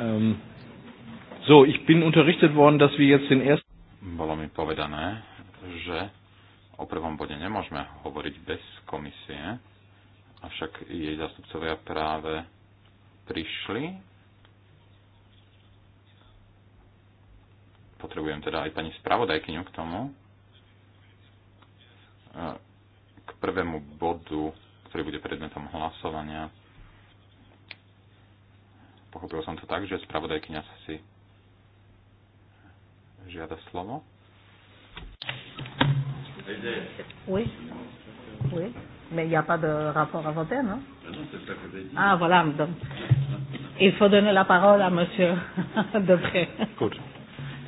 Um, so, ich bin unterrichtet worden, dass wir jetzt den ersten... Bolo mi povedané, že o prvom bode nemôžeme hovoriť bez komisie, avšak jej zastupcovia práve prišli. Potrebujem teda aj pani spravodajkyňu k tomu. K prvému bodu, ktorý bude predmetom hlasovania, pochopil som to tak, že spravodajkyňa si žiada slovo. Oui. Oui. Mais il n'y a pas de rapport à voter, non Ah, voilà. Donc, il faut donner la parole à Monsieur Depré. Gut.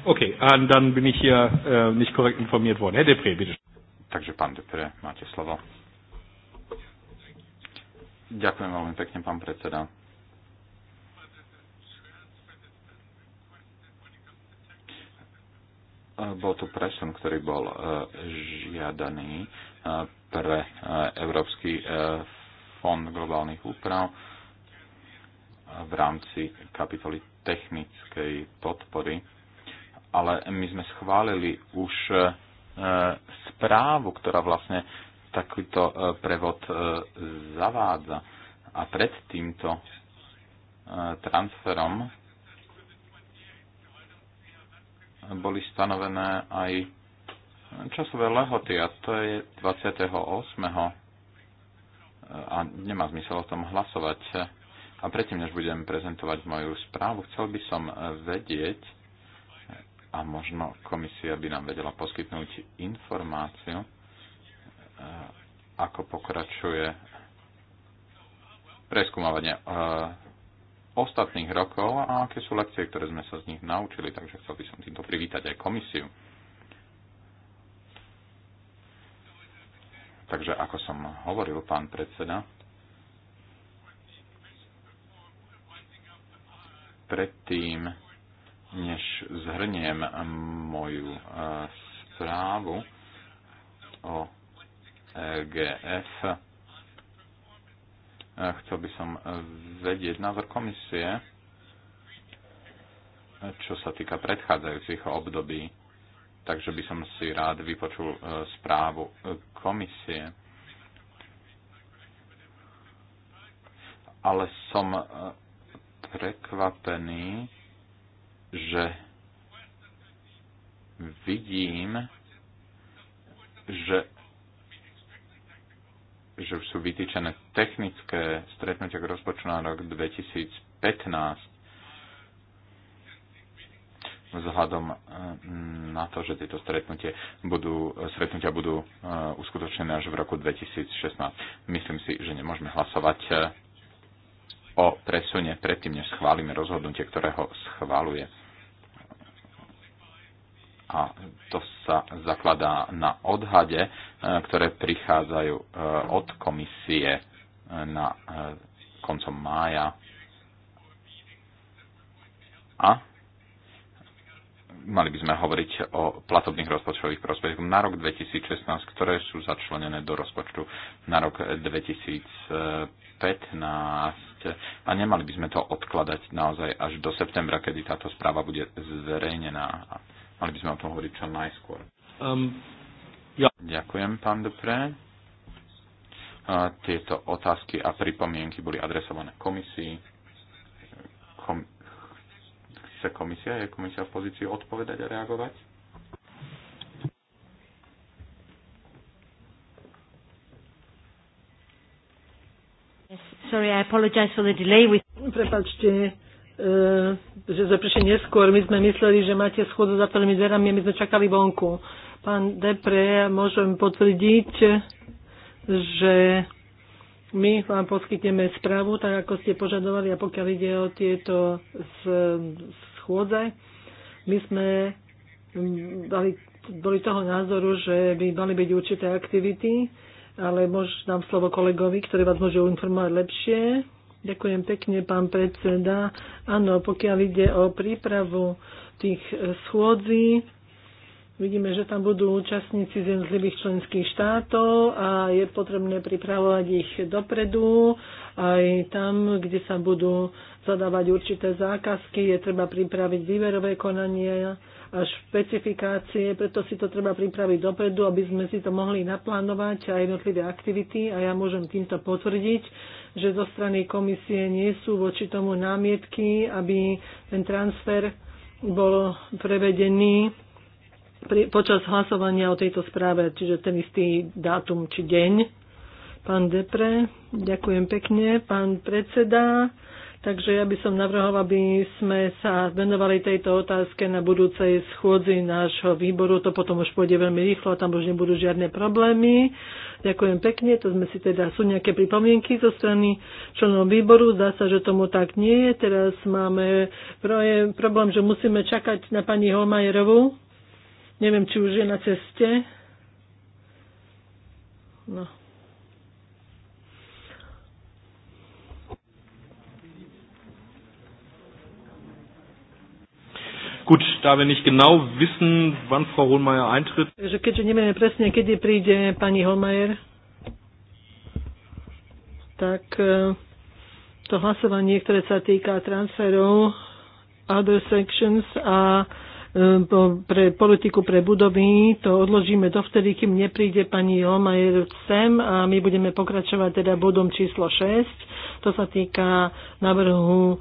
Ok, und dann bin ich hier äh, nicht korrekt informiert worden. Herr Depré, bitte. Takže pán Depré, máte slovo. Ďakujem veľmi pekne, pán predseda. Bol to presun, ktorý bol e, žiadaný e, pre e, Európsky fond globálnych úprav v rámci kapitoly technickej podpory, ale my sme schválili už správu, ktorá vlastne takýto prevod zavádza. A pred týmto transferom boli stanovené aj časové lehoty a to je 28. a nemá zmysel o tom hlasovať. A predtým, než budem prezentovať moju správu, chcel by som vedieť, a možno komisia by nám vedela poskytnúť informáciu, ako pokračuje preskúmavanie e, ostatných rokov a aké sú lekcie, ktoré sme sa z nich naučili. Takže chcel by som týmto privítať aj komisiu. Takže ako som hovoril, pán predseda, predtým, než zhrniem moju e, správu o EGF, Chcel by som e, vedieť názor komisie, čo sa týka predchádzajúcich období. Takže by som si rád vypočul e, správu e, komisie. Ale som prekvapený, že vidím, že že sú vytýčené technické stretnutia k rozpočtu na rok 2015 vzhľadom e, na to, že tieto stretnutie budú, stretnutia budú e, uskutočnené až v roku 2016. Myslím si, že nemôžeme hlasovať e, o presune predtým, než schválime rozhodnutie, ktoré ho schváluje a to sa zakladá na odhade, e, ktoré prichádzajú e, od komisie e, na koncom mája. A mali by sme hovoriť o platobných rozpočtových prospechov na rok 2016, ktoré sú začlenené do rozpočtu na rok 2015 a nemali by sme to odkladať naozaj až do septembra, kedy táto správa bude zverejnená. Mali by sme o tom hovoriť čo najskôr. Um, ja. Ďakujem, pán Dupré. A tieto otázky a pripomienky boli adresované komisii. Kom- chce komisia? Je komisia v pozícii odpovedať a reagovať? Yes, sorry, I apologize for the delay. With... Prepačte, E, že sme prišli neskôr, my sme mysleli, že máte schôdzu za tými dverami a my sme čakali vonku. Pán Depre, môžem potvrdiť, že my vám poskytneme správu, tak ako ste požadovali a pokiaľ ide o tieto schôdze, my sme dali, boli toho názoru, že by mali byť určité aktivity, ale môž, dám slovo kolegovi, ktorý vás môže informovať lepšie. Ďakujem pekne, pán predseda. Áno, pokiaľ ide o prípravu tých e, schôdzí, vidíme, že tam budú účastníci z jednotlivých členských štátov a je potrebné pripravovať ich dopredu. Aj tam, kde sa budú zadávať určité zákazky, je treba pripraviť výberové konanie a špecifikácie, preto si to treba pripraviť dopredu, aby sme si to mohli naplánovať a jednotlivé aktivity a ja môžem týmto potvrdiť, že zo strany komisie nie sú voči tomu námietky, aby ten transfer bol prevedený pri, počas hlasovania o tejto správe, čiže ten istý dátum či deň. Pán Depre, ďakujem pekne. Pán predseda, Takže ja by som navrhol, aby sme sa venovali tejto otázke na budúcej schôdzi nášho výboru. To potom už pôjde veľmi rýchlo a tam už nebudú žiadne problémy. Ďakujem pekne. To sme si teda, sú nejaké pripomienky zo strany členov výboru. Zdá sa, že tomu tak nie je. Teraz máme projem, problém, že musíme čakať na pani Holmajerovu. Neviem, či už je na ceste. No. Gut, da wir nicht genau wissen, wann Frau Hohlmeier eintritt. Takže keďže nevieme presne, kedy príde pani Hohlmeier, tak e, to hlasovanie, ktoré sa týka transferov, other sections a e, pre politiku pre budovy, to odložíme dovtedy, kým nepríde pani Holmajer sem a my budeme pokračovať teda bodom číslo 6. To sa týka návrhu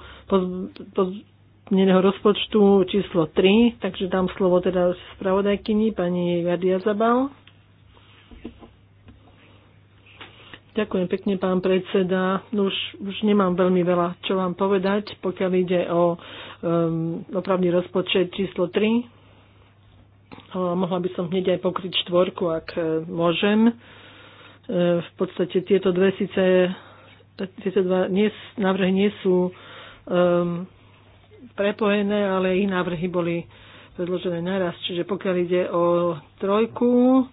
zmieneného vlastne rozpočtu číslo 3, takže dám slovo teda spravodajkyni pani Jadia Zabal. Ďakujem pekne, pán predseda. No už, už nemám veľmi veľa, čo vám povedať, pokiaľ ide o um, opravný rozpočet číslo 3. O, mohla by som hneď aj pokryť štvorku, ak e, môžem. E, v podstate tieto dve síce, e, tieto dva nie, návrhy nie sú um, prepojené, ale ich návrhy boli predložené naraz. Čiže pokiaľ ide o trojku,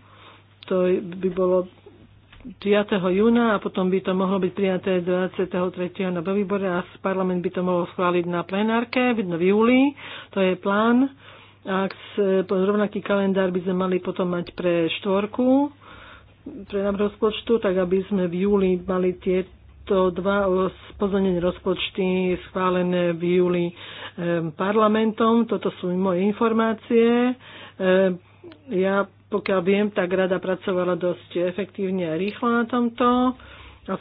to by bolo 5. júna a potom by to mohlo byť prijaté 23. na výbore a parlament by to mohol schváliť na plenárke v júli. To je plán. A rovnaký kalendár by sme mali potom mať pre štvorku, pre návrh rozpočtu, tak aby sme v júli mali tie 102 spozonené rozpočty schválené v júli eh, parlamentom. Toto sú moje informácie. Eh, ja, pokiaľ viem, tak rada pracovala dosť efektívne a rýchlo na tomto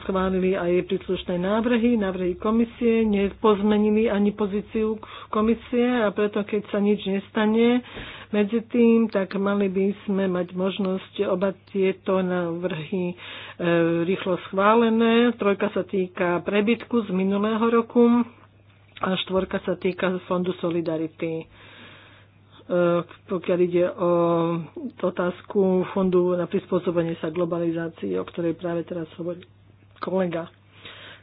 schválili aj príslušné návrhy, návrhy komisie, nepozmenili ani pozíciu komisie a preto keď sa nič nestane medzi tým, tak mali by sme mať možnosť oba tieto návrhy e, rýchlo schválené. Trojka sa týka prebytku z minulého roku a štvorka sa týka Fondu Solidarity e, pokiaľ ide o otázku fondu na prispôsobenie sa globalizácii, o ktorej práve teraz hovorím kolega.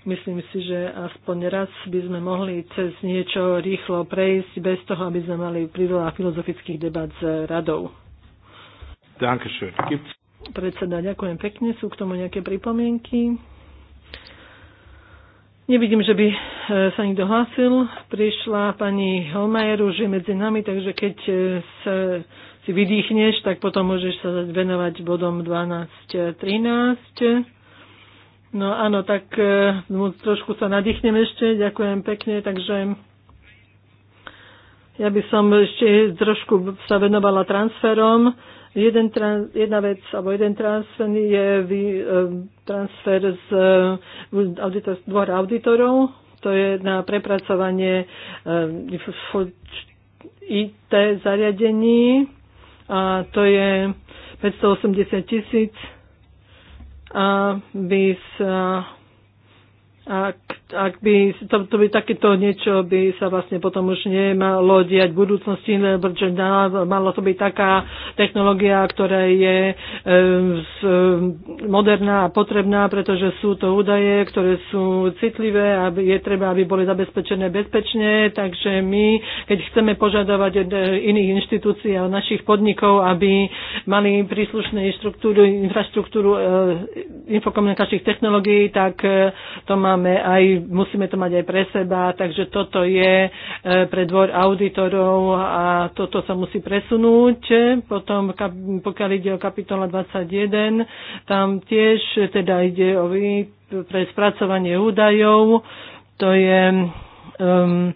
Myslím si, že aspoň raz by sme mohli cez niečo rýchlo prejsť, bez toho, aby sme mali priveľa filozofických debat s radou. Predseda, ďakujem pekne. Sú k tomu nejaké pripomienky? Nevidím, že by e, sa nikto hlásil. Prišla pani Holmajer už je medzi nami, takže keď e, sa si vydýchneš, tak potom môžeš sa venovať bodom 12.13. No áno, tak no, trošku sa nadýchnem ešte. Ďakujem pekne, takže ja by som ešte trošku sa venovala transferom. Jeden, jedna vec, alebo jeden transfer je e, transfer z e, auditor, dvora auditorov. To je na prepracovanie IT zariadení a to je 580 tisíc aby uh ak, ak by, to, to by takéto niečo by sa vlastne potom už nemalo diať v budúcnosti, lebo že mala to byť taká technológia, ktorá je e, z, moderná a potrebná, pretože sú to údaje, ktoré sú citlivé a je treba, aby boli zabezpečené bezpečne, takže my, keď chceme požadovať eh, iných inštitúcií a našich podnikov, aby mali príslušné štruktúru, infraštruktúru e, infokomunikačných technológií, tak e, to má máme aj, musíme to mať aj pre seba, takže toto je e, pre dvor auditorov a toto sa musí presunúť. Potom, pokiaľ ide o kapitola 21, tam tiež teda ide o pre spracovanie údajov, to je um,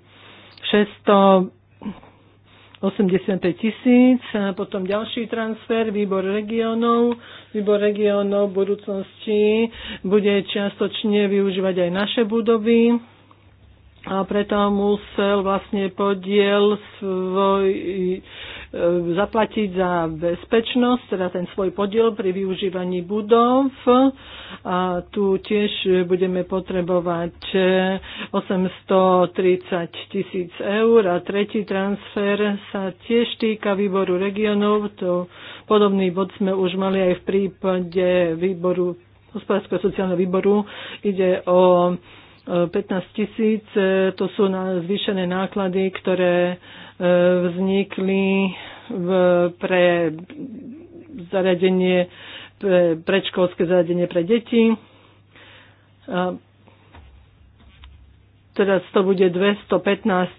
600 80. tisíc, potom ďalší transfer, výbor regionov. Výbor regionov v budúcnosti bude čiastočne využívať aj naše budovy a preto musel vlastne podiel svoj, E, zaplatiť za bezpečnosť, teda ten svoj podiel pri využívaní budov. A tu tiež budeme potrebovať 830 e, tisíc eur a tretí transfer sa tiež týka výboru regionov. To podobný bod sme už mali aj v prípade výboru hospodárskeho sociálneho výboru. Ide o 15 e, tisíc, to sú na zvýšené náklady, ktoré vznikli v, pre zariadenie, pre predškolské zariadenie pre deti. A teraz to bude 215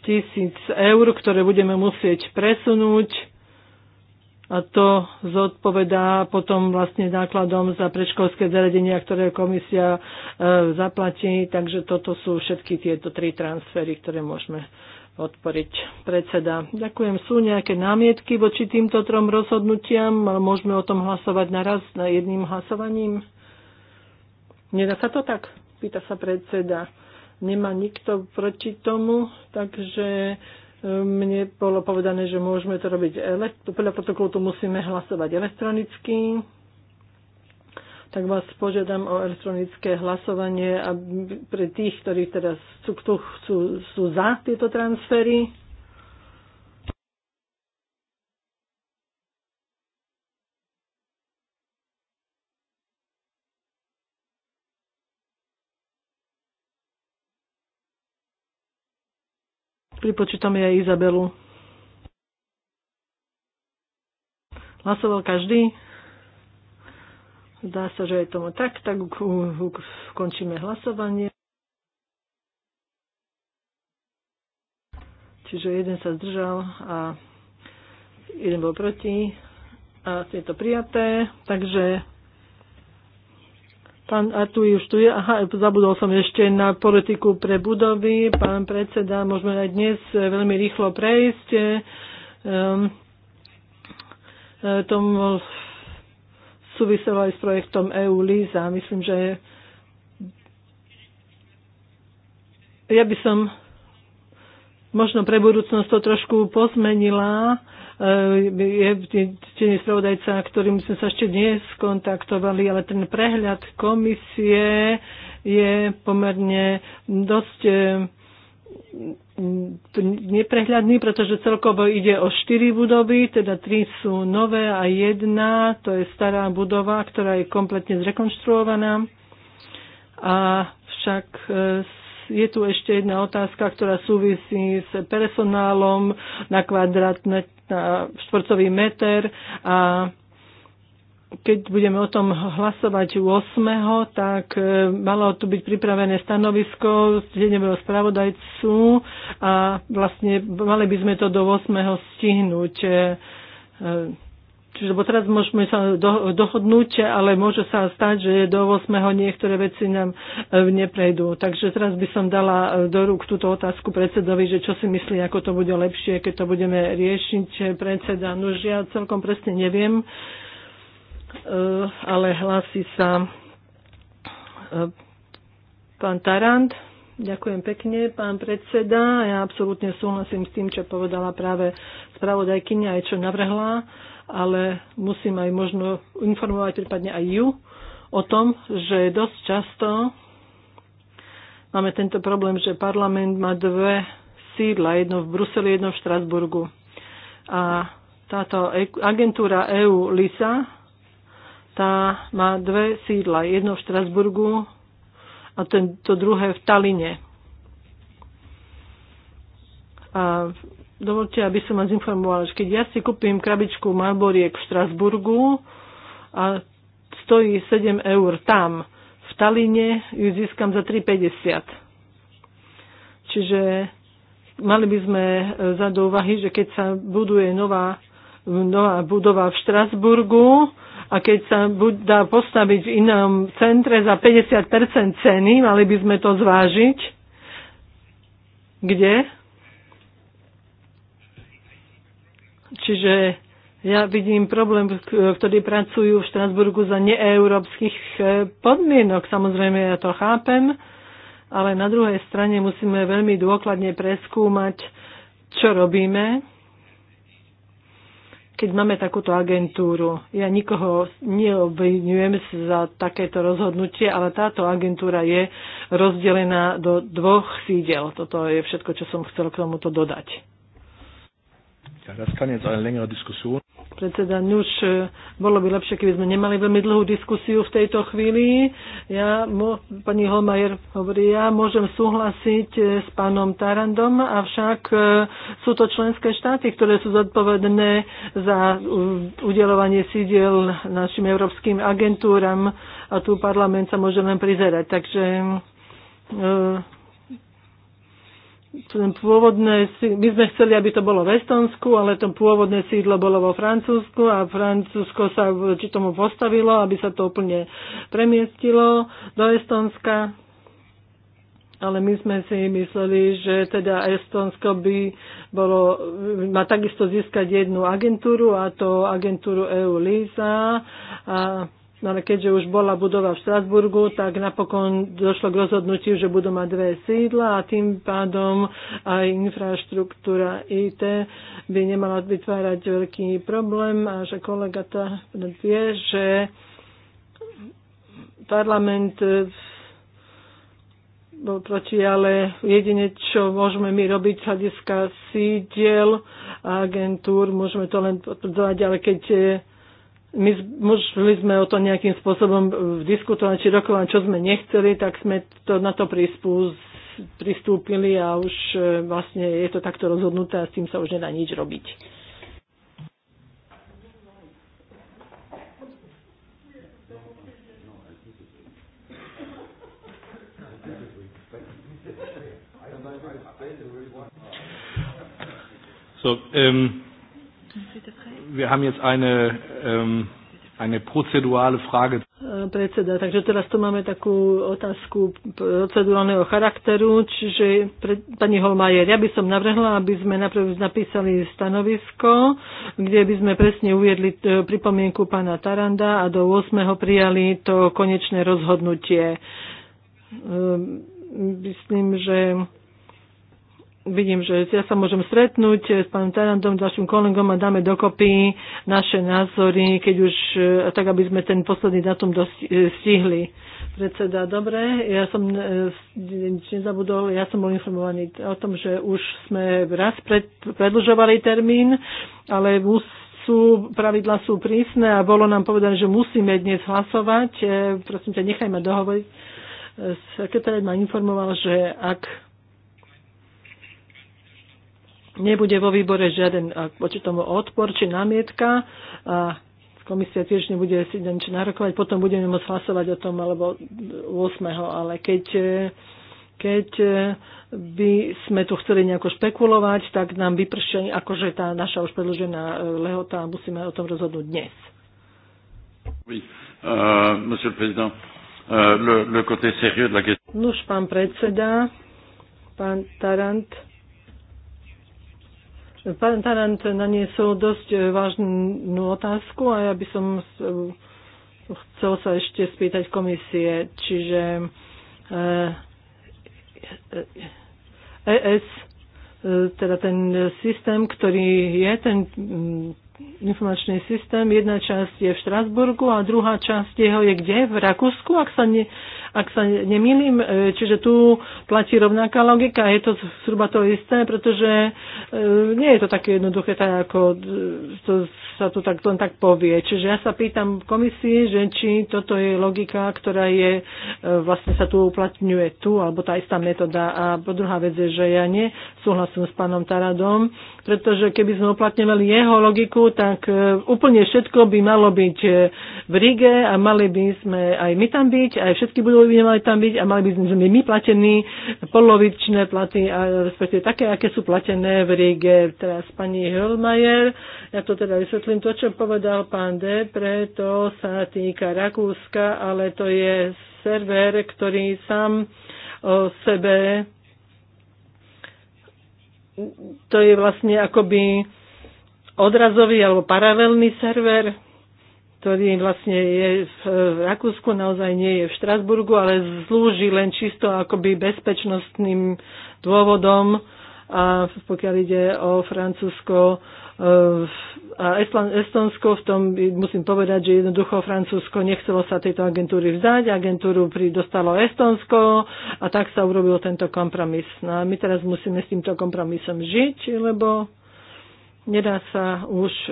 tisíc eur, ktoré budeme musieť presunúť a to zodpovedá potom vlastne nákladom za predškolské zariadenia, ktoré komisia e, zaplatí. Takže toto sú všetky tieto tri transfery, ktoré môžeme odporiť predseda. Ďakujem. Sú nejaké námietky voči týmto trom rozhodnutiam? Môžeme o tom hlasovať naraz na jedným hlasovaním? Nedá sa to tak? Pýta sa predseda. Nemá nikto proti tomu, takže e, mne bolo povedané, že môžeme to robiť, podľa protokolu to musíme hlasovať elektronicky tak vás požiadam o elektronické hlasovanie a pre tých, ktorí teraz sú, sú, sú sú za tieto transfery. Pripočítam aj Izabelu. Hlasoval každý? Zdá sa, že je tomu tak, tak ukončíme hlasovanie. Čiže jeden sa zdržal a jeden bol proti a je to prijaté. Takže pán tu už tu je. Aha, zabudol som ešte na politiku pre budovy. Pán predseda, môžeme aj dnes veľmi rýchlo prejsť. Um, ehm, e, tomu súviselo aj s projektom EU Líza. Myslím, že ja by som možno pre budúcnosť to trošku pozmenila. E, je tiež spravodajca, ktorým sme sa ešte neskontaktovali, ale ten prehľad komisie je pomerne dosť e, neprehľadný, pretože celkovo ide o štyri budovy, teda tri sú nové a jedna, to je stará budova, ktorá je kompletne zrekonštruovaná. A však e, je tu ešte jedna otázka, ktorá súvisí s personálom na kvadratné na štvorcový meter a keď budeme o tom hlasovať 8., tak e, malo tu byť pripravené stanovisko deňového spravodajcu a vlastne mali by sme to do 8. stihnúť. E, e, čiže bo teraz môžeme sa do, dohodnúť, ale môže sa stať, že do 8. niektoré veci nám neprejdú. Takže teraz by som dala do rúk túto otázku predsedovi, že čo si myslí, ako to bude lepšie, keď to budeme riešiť. Predseda, no ja celkom presne neviem. Eh, ale hlási sa eh, pán Tarant. Ďakujem pekne, pán predseda. Ja absolútne súhlasím s tým, čo povedala práve spravodajkynia aj čo navrhla, ale musím aj možno informovať prípadne aj ju o tom, že dosť často máme tento problém, že parlament má dve sídla, jedno v Bruseli, jedno v Štrasburgu. A táto e- agentúra EU LISA tá má dve sídla. Jedno v Štrasburgu a ten, to druhé v Taline. A dovolte, aby som vás informovala, že keď ja si kúpim krabičku Malboriek v Štrasburgu a stojí 7 eur tam, v Taline ju získam za 3,50. Čiže mali by sme e, za do úvahy, že keď sa buduje nová nová budova v Štrasburgu, a keď sa dá postaviť v inom centre za 50% ceny, mali by sme to zvážiť. Kde? Čiže ja vidím problém, ktorí pracujú v Štrasburgu za neeurópskych e, podmienok. Samozrejme, ja to chápem, ale na druhej strane musíme veľmi dôkladne preskúmať, čo robíme, keď máme takúto agentúru. Ja nikoho neobvinujem za takéto rozhodnutie, ale táto agentúra je rozdelená do dvoch sídel. Toto je všetko, čo som chcel k tomuto dodať. Ja, das kann jetzt eine längere Diskussion predseda už e, bolo by lepšie, keby sme nemali veľmi dlhú diskusiu v tejto chvíli. Ja, mo, pani Holmajer hovorí, ja môžem súhlasiť e, s pánom Tarandom, avšak e, sú to členské štáty, ktoré sú zodpovedné za udelovanie sídiel našim európskym agentúram a tu parlament sa môže len prizerať. Takže ten pôvodné, my sme chceli, aby to bolo v Estonsku, ale to pôvodné sídlo bolo vo Francúzsku a Francúzsko sa či tomu postavilo, aby sa to úplne premiestilo do Estonska. Ale my sme si mysleli, že teda Estonsko by bolo, má takisto získať jednu agentúru, a to agentúru EU-LISA. A No ale keďže už bola budova v Štrasburgu, tak napokon došlo k rozhodnutiu, že budú mať dve sídla a tým pádom aj infraštruktúra IT by nemala vytvárať veľký problém a že kolega tá vie, že parlament e, bol proti, ale jedine, čo môžeme my robiť z hľadiska sídiel a agentúr, môžeme to len potvrdzovať, ale keď e, my môželi sme o to nejakým spôsobom e, diskutovať či rokovať, čo sme nechceli, tak sme to, na to prispú, pristúpili a už e, vlastne je to takto rozhodnuté a s tým sa už nedá nič robiť. So, um, wir haben jetzt eine, ähm, eine prozedurale Frage. Predseda, takže teraz tu máme takú otázku procedurálneho charakteru, čiže pre, pani Holmajer, ja by som navrhla, aby sme najprv napísali stanovisko, kde by sme presne uviedli e, pripomienku pána Taranda a do 8. prijali to konečné rozhodnutie. Ehm, myslím, že vidím, že ja sa môžem stretnúť s pánom Tarantom, s vašim kolegom a dáme dokopy naše názory, keď už eh, tak, aby sme ten posledný datum eh, stihli. Predseda, dobre, ja som eh, nezabudol, ja som bol informovaný o tom, že už sme raz pred, predlžovali termín, ale mus, sú, pravidla sú prísne a bolo nám povedané, že musíme dnes hlasovať. Prosím ťa, nechaj ma dohovoriť. Sekretariat ma informoval, že ak nebude vo výbore žiaden voči tomu odpor či námietka a komisia tiež nebude si deň narokovať, potom budeme môcť hlasovať o tom alebo 8. Ale keď, keď by sme tu chceli nejako špekulovať, tak nám vypršia akože tá naša už predložená e, lehota a musíme o tom rozhodnúť dnes. Oui, uh, monsieur le président, uh, le, le côté sérieux de la question. Nuž, pán predseda, pán Tarant, Pán Tarant naniesol dosť e, vážnu otázku a ja by som e, chcel sa ešte spýtať komisie, čiže ES, e, teda ten systém, ktorý je ten mm, informačný systém. Jedna časť je v Štrasburgu a druhá časť jeho je kde? V Rakúsku, ak sa, ne, ak sa nemýlim. E, čiže tu platí rovnaká logika, je to zhruba to isté, pretože e, nie je to také jednoduché, tak ako e, to, sa to tak, len tak povie. Čiže ja sa pýtam v komisii, že či toto je logika, ktorá je vlastne sa tu uplatňuje tu, alebo tá istá metóda. A druhá vec je, že ja nesúhlasím s pánom Taradom, pretože keby sme uplatňovali jeho logiku, tak úplne všetko by malo byť v Rige a mali by sme aj my tam byť, aj všetky budú by nemali tam byť a mali by sme my platení polovičné platy, a respektíve také, aké sú platené v Ríge. Teraz pani Hölmajer, ja to teda vysvetlím, to, čo povedal pán D, preto sa týka Rakúska, ale to je server, ktorý sám o sebe to je vlastne akoby odrazový alebo paralelný server, ktorý vlastne je v Rakúsku, naozaj nie je v Štrasburgu, ale slúži len čisto akoby bezpečnostným dôvodom a pokiaľ ide o Francúzsko eh, a Estonsko, v tom musím povedať, že jednoducho Francúzsko nechcelo sa tejto agentúry vzdať, agentúru dostalo Estonsko a tak sa urobil tento kompromis. No a my teraz musíme s týmto kompromisom žiť, lebo nedá sa už eh,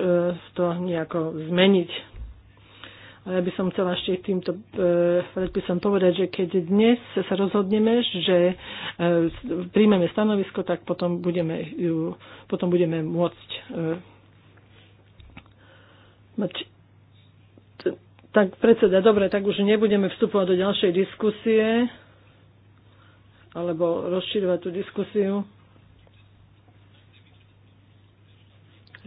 to nejako zmeniť. A ja by som chcela ešte týmto e, predpisom povedať, že keď dnes sa rozhodneme, že e, príjmeme stanovisko, tak potom budeme, ju, potom budeme môcť e, mať tak predseda, dobre, tak už nebudeme vstupovať do ďalšej diskusie alebo rozširovať tú diskusiu.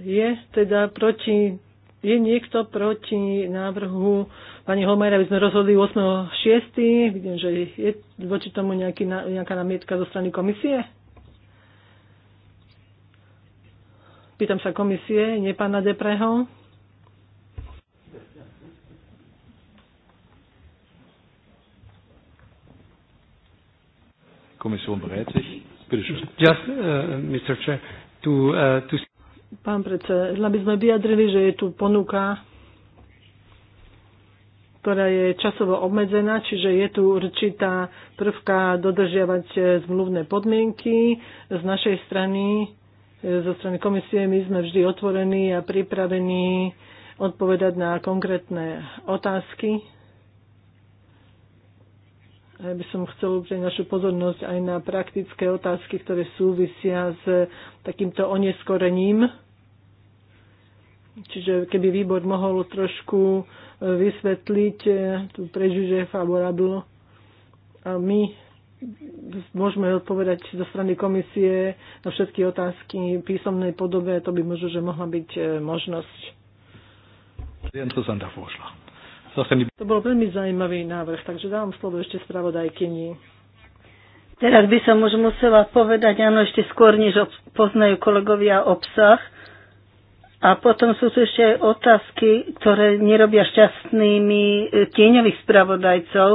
Je teda proti je niekto proti návrhu pani Holmajera, aby sme rozhodli 8.6. Vidím, že je voči tomu nejaký, nejaká namietka zo strany komisie? Pýtam sa komisie, nie pána Depreho. Kommission bereit sich. Bitte Just, uh, Mr. Chair, to, uh, to Pán predseda, aby sme vyjadrili, že je tu ponuka, ktorá je časovo obmedzená, čiže je tu určitá prvka dodržiavať e, zmluvné podmienky. Z našej strany, e, zo strany komisie, my sme vždy otvorení a pripravení odpovedať na konkrétne otázky ja by som chcel uprieť našu pozornosť aj na praktické otázky, ktoré súvisia s takýmto oneskorením. Čiže keby výbor mohol trošku e, vysvetliť e, tú prežuže favorable. A my môžeme odpovedať zo strany komisie na všetky otázky v písomnej podobe. To by možno, že mohla byť e, možnosť. Sehr Vorschlag. To bol veľmi zaujímavý návrh, takže dávam slovo ešte spravodajkyni. Teraz by som už musela povedať, áno, ešte skôr, než poznajú kolegovia obsah. A potom sú tu ešte aj otázky, ktoré nerobia šťastnými e, tieňových spravodajcov,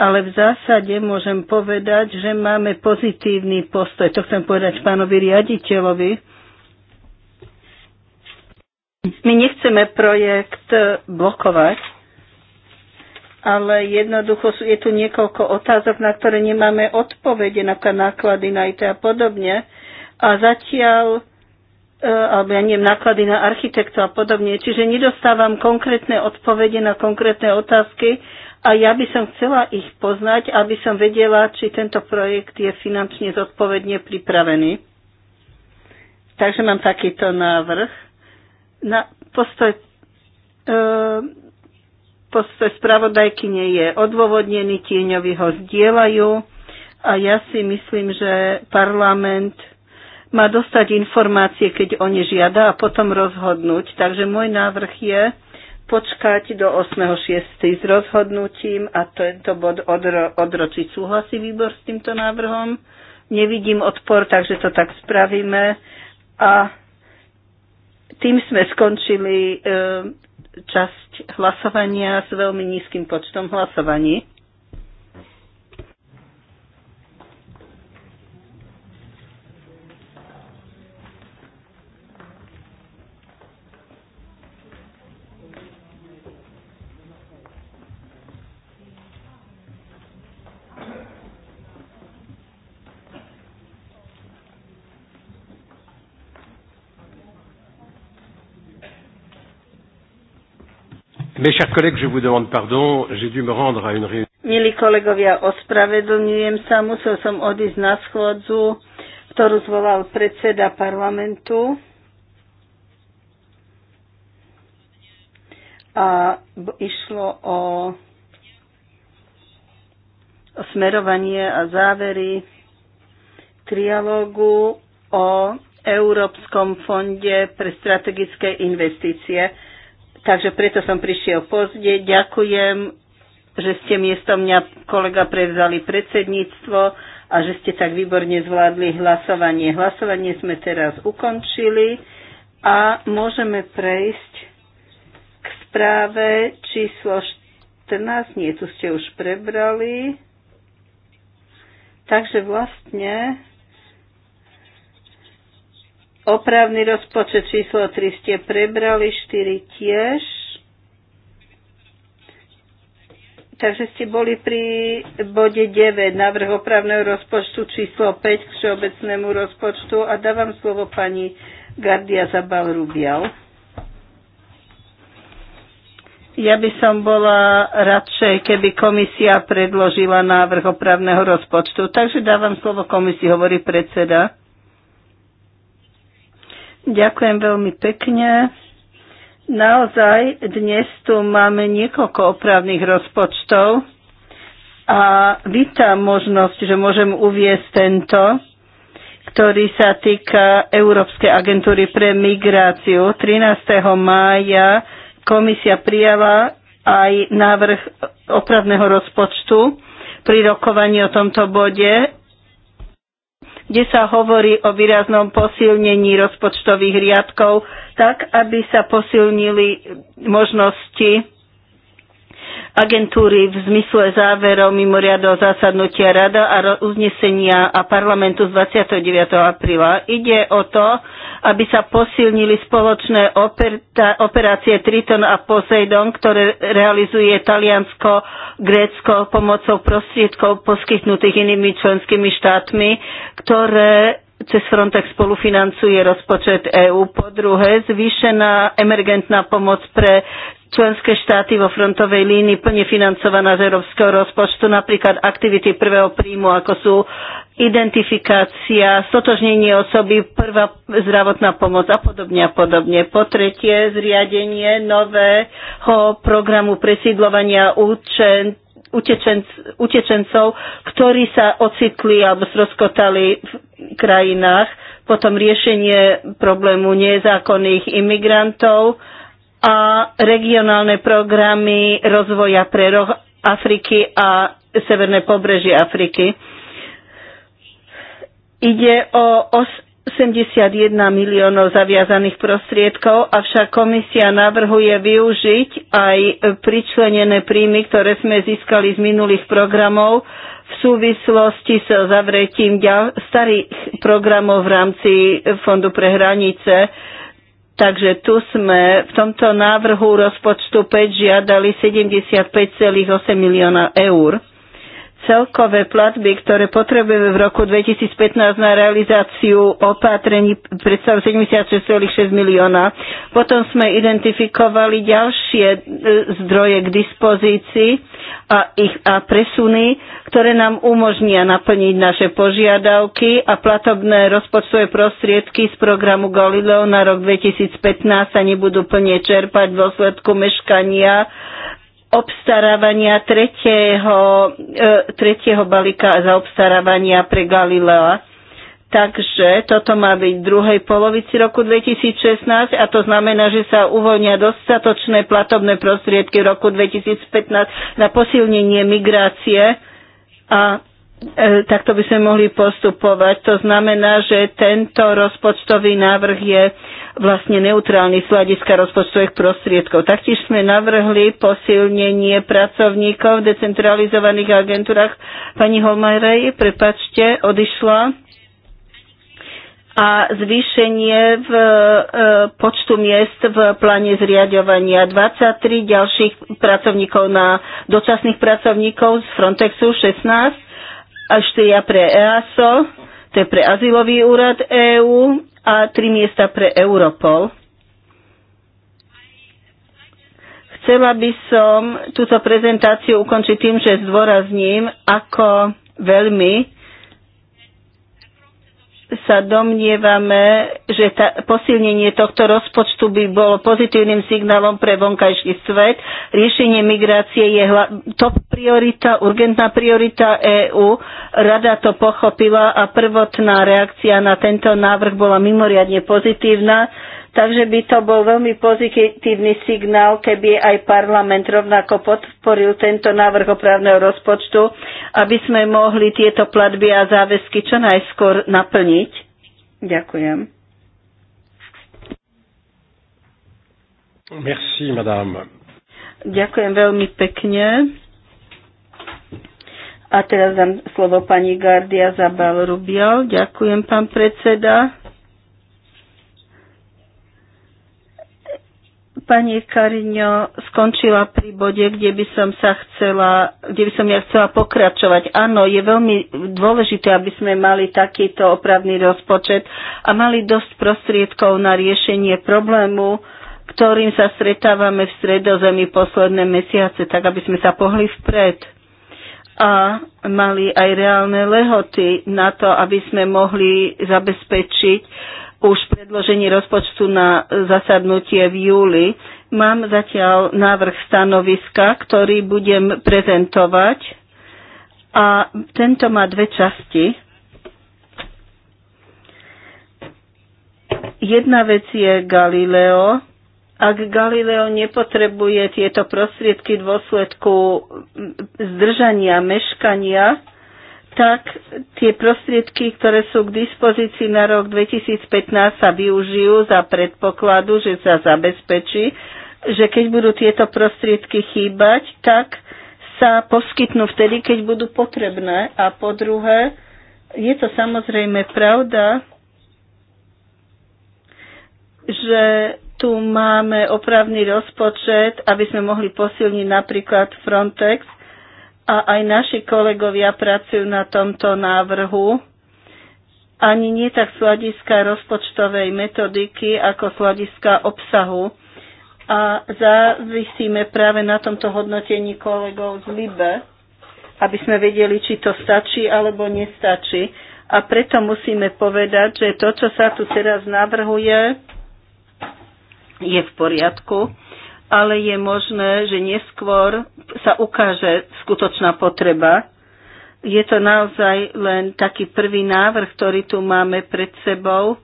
ale v zásade môžem povedať, že máme pozitívny postoj. To chcem povedať pánovi riaditeľovi my nechceme projekt blokovať, ale jednoducho sú, je tu niekoľko otázok, na ktoré nemáme odpovede, napríklad náklady na IT a podobne. A zatiaľ, e, alebo ja neviem, náklady na architektu a podobne. Čiže nedostávam konkrétne odpovede na konkrétne otázky a ja by som chcela ich poznať, aby som vedela, či tento projekt je finančne zodpovedne pripravený. Takže mám takýto návrh na postoj, e, postoj spravodajkyne je odôvodnený, tieňovi ho zdieľajú a ja si myslím, že parlament má dostať informácie, keď o ne žiada a potom rozhodnúť. Takže môj návrh je počkať do 8.6. s rozhodnutím a tento bod odro- odročiť. Súhlasí výbor s týmto návrhom? Nevidím odpor, takže to tak spravíme. A tým sme skončili e, časť hlasovania s veľmi nízkym počtom hlasovaní. Mes chers collègues, je vous demande pardon, j'ai dû me rendre à une réunion. Milí kolegovia, ospravedlňujem sa, musel som odísť na schôdzu, ktorú zvolal predseda parlamentu. A išlo o, o smerovanie a závery trialógu o Európskom fonde pre strategické investície. Takže preto som prišiel pozde. Ďakujem, že ste miesto mňa kolega prevzali predsedníctvo a že ste tak výborne zvládli hlasovanie. Hlasovanie sme teraz ukončili a môžeme prejsť k správe číslo 14. Nie, tu ste už prebrali. Takže vlastne Opravný rozpočet číslo 3 ste prebrali, 4 tiež. Takže ste boli pri bode 9, návrh opravného rozpočtu číslo 5 k všeobecnému rozpočtu a dávam slovo pani Gardia Zabal Rubial. Ja by som bola radšej, keby komisia predložila návrh opravného rozpočtu. Takže dávam slovo komisii, hovorí predseda. Ďakujem veľmi pekne. Naozaj dnes tu máme niekoľko opravných rozpočtov a vítam možnosť, že môžem uviesť tento, ktorý sa týka Európskej agentúry pre migráciu. 13. mája komisia prijala aj návrh opravného rozpočtu pri rokovaní o tomto bode kde sa hovorí o výraznom posilnení rozpočtových riadkov, tak aby sa posilnili možnosti agentúry v zmysle záverov mimoriadného zasadnutia rada a uznesenia a parlamentu z 29. apríla. Ide o to, aby sa posilnili spoločné operácie Triton a Poseidon, ktoré realizuje Taliansko, Grécko pomocou prostriedkov poskytnutých inými členskými štátmi, ktoré cez Frontex spolufinancuje rozpočet EÚ. Po druhé, zvýšená emergentná pomoc pre členské štáty vo frontovej línii plne financovaná z európskeho rozpočtu, napríklad aktivity prvého príjmu, ako sú identifikácia, stotožnenie osoby, prvá zdravotná pomoc a podobne a podobne. Po tretie, zriadenie nového programu presídlovania účent utečenc, utečencov, ktorí sa ocitli alebo zrozkotali v krajinách, potom riešenie problému nezákonných imigrantov, a regionálne programy rozvoja pre roh Afriky a severné pobrežie Afriky. Ide o 81 miliónov zaviazaných prostriedkov, avšak komisia navrhuje využiť aj pričlenené príjmy, ktoré sme získali z minulých programov v súvislosti s zavretím starých programov v rámci Fondu pre hranice Takže tu sme v tomto návrhu rozpočtu 5 žiadali 75,8 milióna eur. Celkové platby, ktoré potrebujeme v roku 2015 na realizáciu opatrení predstav 76,6 milióna. Potom sme identifikovali ďalšie e, zdroje k dispozícii a, ich, a presuny, ktoré nám umožnia naplniť naše požiadavky a platobné rozpočtové prostriedky z programu Galileo na rok 2015 sa nebudú plne čerpať v dôsledku meškania obstarávania tretieho, e, tretieho balíka zaobstarávania pre Galilea. Takže toto má byť v druhej polovici roku 2016 a to znamená, že sa uvoľnia dostatočné platobné prostriedky v roku 2015 na posilnenie migrácie a E, takto by sme mohli postupovať. To znamená, že tento rozpočtový návrh je vlastne neutrálny z hľadiska rozpočtových prostriedkov. Taktiež sme navrhli posilnenie pracovníkov v decentralizovaných agentúrach. Pani Holmajrej, prepačte, odišla a zvýšenie v e, počtu miest v pláne zriadovania. 23 ďalších pracovníkov na dočasných pracovníkov z Frontexu, 16 E a štyria pre EASO, to je pre Azylový úrad EÚ a tri miesta pre Europol. Chcela by som túto prezentáciu ukončiť tým, že zdôrazním, ako veľmi sa domnievame, že tá, posilnenie tohto rozpočtu by bolo pozitívnym signálom pre vonkajší svet. Riešenie migrácie je top priorita, urgentná priorita EÚ. Rada to pochopila a prvotná reakcia na tento návrh bola mimoriadne pozitívna Takže by to bol veľmi pozitívny signál, keby aj parlament rovnako podporil tento návrh opravného rozpočtu, aby sme mohli tieto platby a záväzky čo najskôr naplniť. Ďakujem. Merci, madame. Ďakujem veľmi pekne. A teraz dám slovo pani Gardia za balrubial. Ďakujem, pán predseda. Pani Kariňo skončila pri bode, kde by som sa chcela, kde by som ja chcela pokračovať. Áno, je veľmi dôležité, aby sme mali takýto opravný rozpočet a mali dosť prostriedkov na riešenie problému, ktorým sa stretávame v stredozemi posledné mesiace, tak aby sme sa pohli vpred a mali aj reálne lehoty na to, aby sme mohli zabezpečiť už predložení rozpočtu na zasadnutie v júli. Mám zatiaľ návrh stanoviska, ktorý budem prezentovať a tento má dve časti. Jedna vec je Galileo. Ak Galileo nepotrebuje tieto prostriedky v dôsledku zdržania, meškania, tak tie prostriedky, ktoré sú k dispozícii na rok 2015, sa využijú za predpokladu, že sa zabezpečí, že keď budú tieto prostriedky chýbať, tak sa poskytnú vtedy, keď budú potrebné. A po druhé, je to samozrejme pravda, že tu máme opravný rozpočet, aby sme mohli posilniť napríklad Frontex, a aj naši kolegovia pracujú na tomto návrhu, ani nie tak z hľadiska rozpočtovej metodiky, ako z hľadiska obsahu. A závisíme práve na tomto hodnotení kolegov z LIBE, aby sme vedeli, či to stačí alebo nestačí. A preto musíme povedať, že to, čo sa tu teraz navrhuje, je v poriadku ale je možné, že neskôr sa ukáže skutočná potreba. Je to naozaj len taký prvý návrh, ktorý tu máme pred sebou,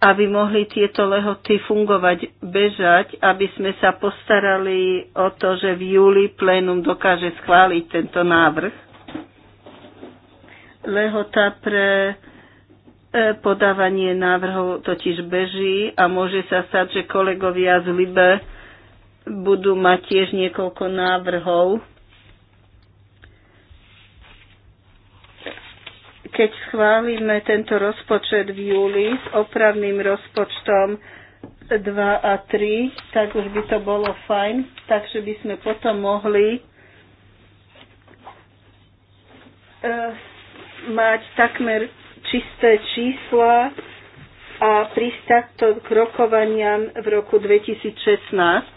aby mohli tieto lehoty fungovať, bežať, aby sme sa postarali o to, že v júli plénum dokáže schváliť tento návrh. Lehota pre e, podávanie návrhov totiž beží a môže sa stať, že kolegovia z Libe budú mať tiež niekoľko návrhov. Keď schválime tento rozpočet v júli s opravným rozpočtom 2 a 3, tak už by to bolo fajn, takže by sme potom mohli e, mať takmer čisté čísla a pristať to k rokovaniam v roku 2016.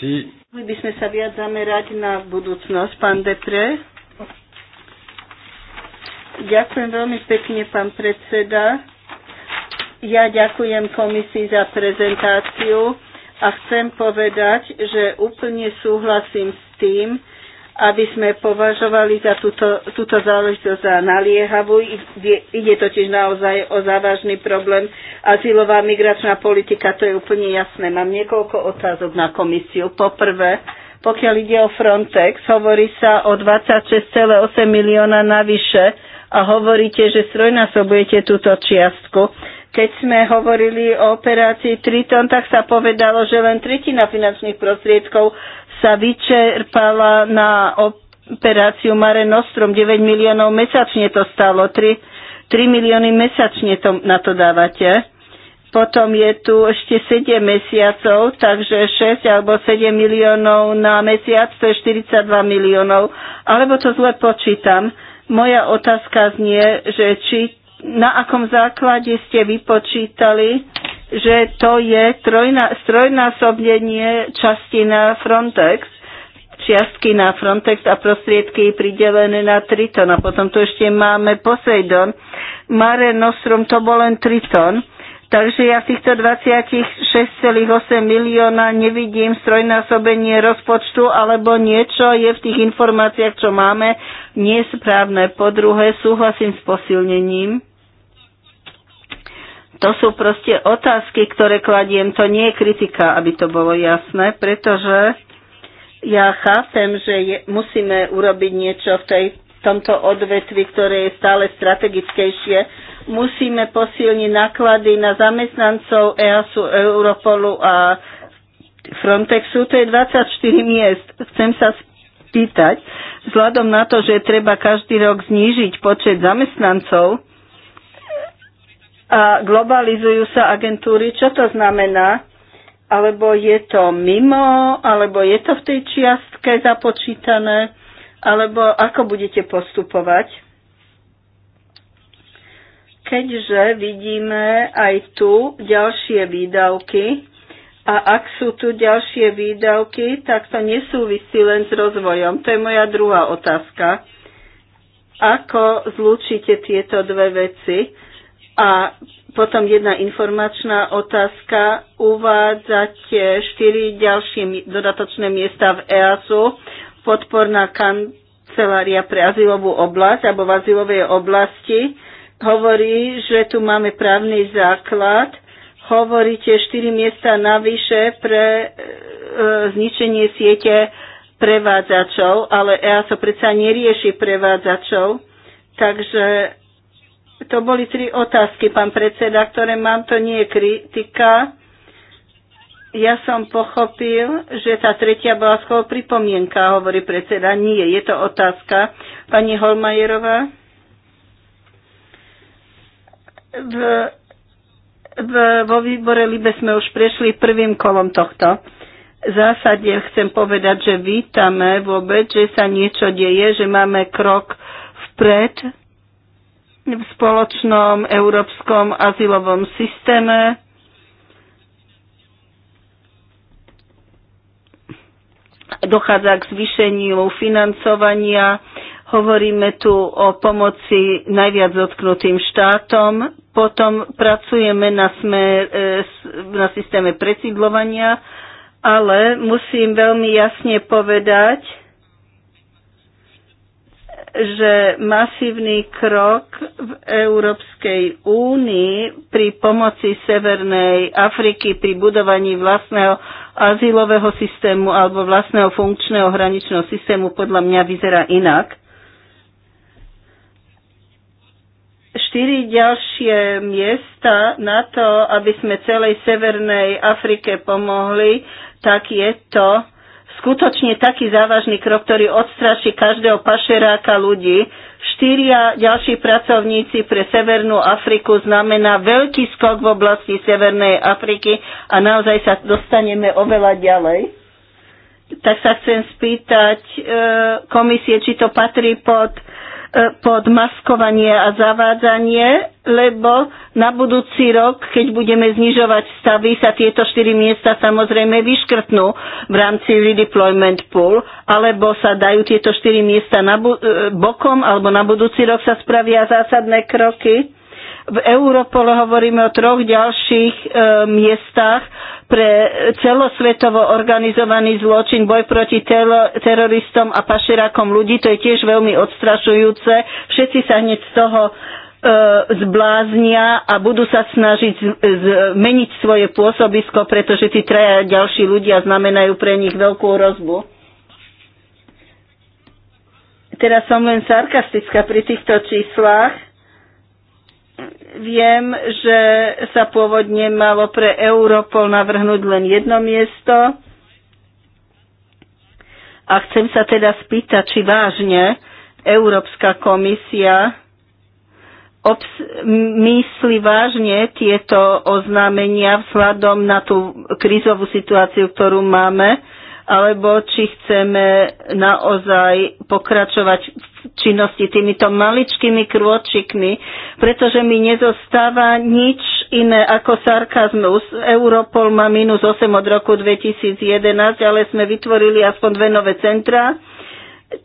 Si. Mohli by sme sa viac zamerať na budúcnosť, pán Depre. Ďakujem veľmi pekne, pán predseda. Ja ďakujem komisii za prezentáciu a chcem povedať, že úplne súhlasím s tým, aby sme považovali za túto, túto záležitosť za naliehavú. Ide totiž naozaj o závažný problém. Azylová migračná politika, to je úplne jasné. Mám niekoľko otázok na komisiu. Poprvé, pokiaľ ide o Frontex, hovorí sa o 26,8 milióna navyše a hovoríte, že strojnásobujete túto čiastku. Keď sme hovorili o operácii Triton, tak sa povedalo, že len tretina finančných prostriedkov sa vyčerpala na operáciu Mare Nostrum. 9 miliónov mesačne to stalo, 3, 3 milióny mesačne to, na to dávate. Potom je tu ešte 7 mesiacov, takže 6 alebo 7 miliónov na mesiac, to je 42 miliónov. Alebo to zle počítam. Moja otázka znie, že či na akom základe ste vypočítali že to je trojna, strojnásobnenie časti na Frontex, čiastky na Frontex a prostriedky pridelené na Triton. A potom tu ešte máme Poseidon. Mare Nostrum to bol len Triton. Takže ja v týchto 26,8 milióna nevidím strojnásobenie rozpočtu, alebo niečo je v tých informáciách, čo máme, nesprávne. Po druhé, súhlasím s posilnením to sú proste otázky, ktoré kladiem. To nie je kritika, aby to bolo jasné, pretože ja chápem, že je, musíme urobiť niečo v tej, tomto odvetvi, ktoré je stále strategickejšie. Musíme posilniť náklady na zamestnancov EASu, Europolu a Frontexu. To je 24 miest. Chcem sa spýtať, vzhľadom na to, že treba každý rok znížiť počet zamestnancov, a globalizujú sa agentúry. Čo to znamená? Alebo je to mimo, alebo je to v tej čiastke započítané, alebo ako budete postupovať? Keďže vidíme aj tu ďalšie výdavky, a ak sú tu ďalšie výdavky, tak to nesúvisí len s rozvojom. To je moja druhá otázka. Ako zlúčite tieto dve veci? A potom jedna informačná otázka. Uvádzate štyri ďalšie dodatočné miesta v EASu, podporná kancelária pre azylovú oblasť alebo v azylovej oblasti. Hovorí, že tu máme právny základ. Hovoríte štyri miesta navyše pre e, zničenie siete prevádzačov, ale EASO predsa nerieši prevádzačov. Takže to boli tri otázky, pán predseda, ktoré mám. To nie je kritika. Ja som pochopil, že tá tretia bola skôr pripomienka, hovorí predseda. Nie, je to otázka. Pani Holmajerová? V, v, vo výbore Libe sme už prešli prvým kolom tohto zásade chcem povedať, že vítame vôbec, že sa niečo deje, že máme krok vpred v spoločnom európskom azylovom systéme. Dochádza k zvýšeniu financovania. Hovoríme tu o pomoci najviac dotknutým štátom. Potom pracujeme na, smer, e, na systéme presidlovania, ale musím veľmi jasne povedať, že masívny krok v Európskej únii pri pomoci Severnej Afriky pri budovaní vlastného azylového systému alebo vlastného funkčného hraničného systému podľa mňa vyzerá inak. Štyri ďalšie miesta na to, aby sme celej Severnej Afrike pomohli, tak je to skutočne taký závažný krok, ktorý odstraší každého pašeráka ľudí. Štyria ďalší pracovníci pre Severnú Afriku znamená veľký skok v oblasti Severnej Afriky a naozaj sa dostaneme oveľa ďalej. Tak sa chcem spýtať e, komisie, či to patrí pod pod maskovanie a zavádzanie, lebo na budúci rok, keď budeme znižovať stavy, sa tieto štyri miesta samozrejme vyškrtnú v rámci redeployment pool, alebo sa dajú tieto štyri miesta na e, bokom, alebo na budúci rok sa spravia zásadné kroky. V Europole hovoríme o troch ďalších e, miestach, pre celosvetovo organizovaný zločin, boj proti teroristom a pašerákom ľudí, to je tiež veľmi odstrašujúce. Všetci sa hneď z toho e, zbláznia a budú sa snažiť zmeniť svoje pôsobisko, pretože tí traja ďalší ľudia znamenajú pre nich veľkú hrozbu. Teraz som len sarkastická pri týchto číslach, Viem, že sa pôvodne malo pre Europol navrhnúť len jedno miesto. A chcem sa teda spýtať, či vážne Európska komisia myslí vážne tieto oznámenia vzhľadom na tú krízovú situáciu, ktorú máme, alebo či chceme naozaj pokračovať v činnosti týmito maličkými krôčikmi, pretože mi nezostáva nič iné ako sarkazmus. Europol má minus 8 od roku 2011, ale sme vytvorili aspoň dve nové centra,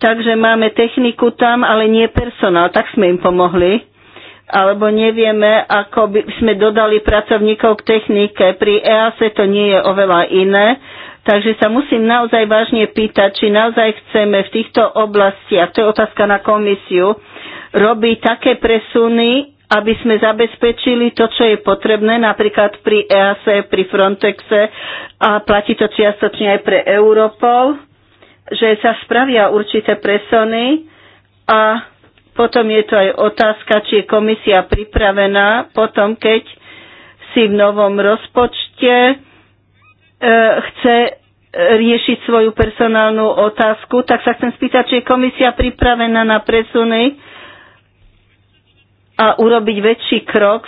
takže máme techniku tam, ale nie personál, tak sme im pomohli alebo nevieme, ako by sme dodali pracovníkov k technike. Pri EASE e to nie je oveľa iné. Takže sa musím naozaj vážne pýtať, či naozaj chceme v týchto oblastiach, to je otázka na komisiu, robiť také presuny, aby sme zabezpečili to, čo je potrebné, napríklad pri EASE, e, pri Frontexe a platí to čiastočne aj pre Europol, že sa spravia určité presuny a potom je to aj otázka, či je komisia pripravená potom, keď si v novom rozpočte E, chce e, riešiť svoju personálnu otázku, tak sa chcem spýtať, či je komisia pripravená na presuny a urobiť väčší krok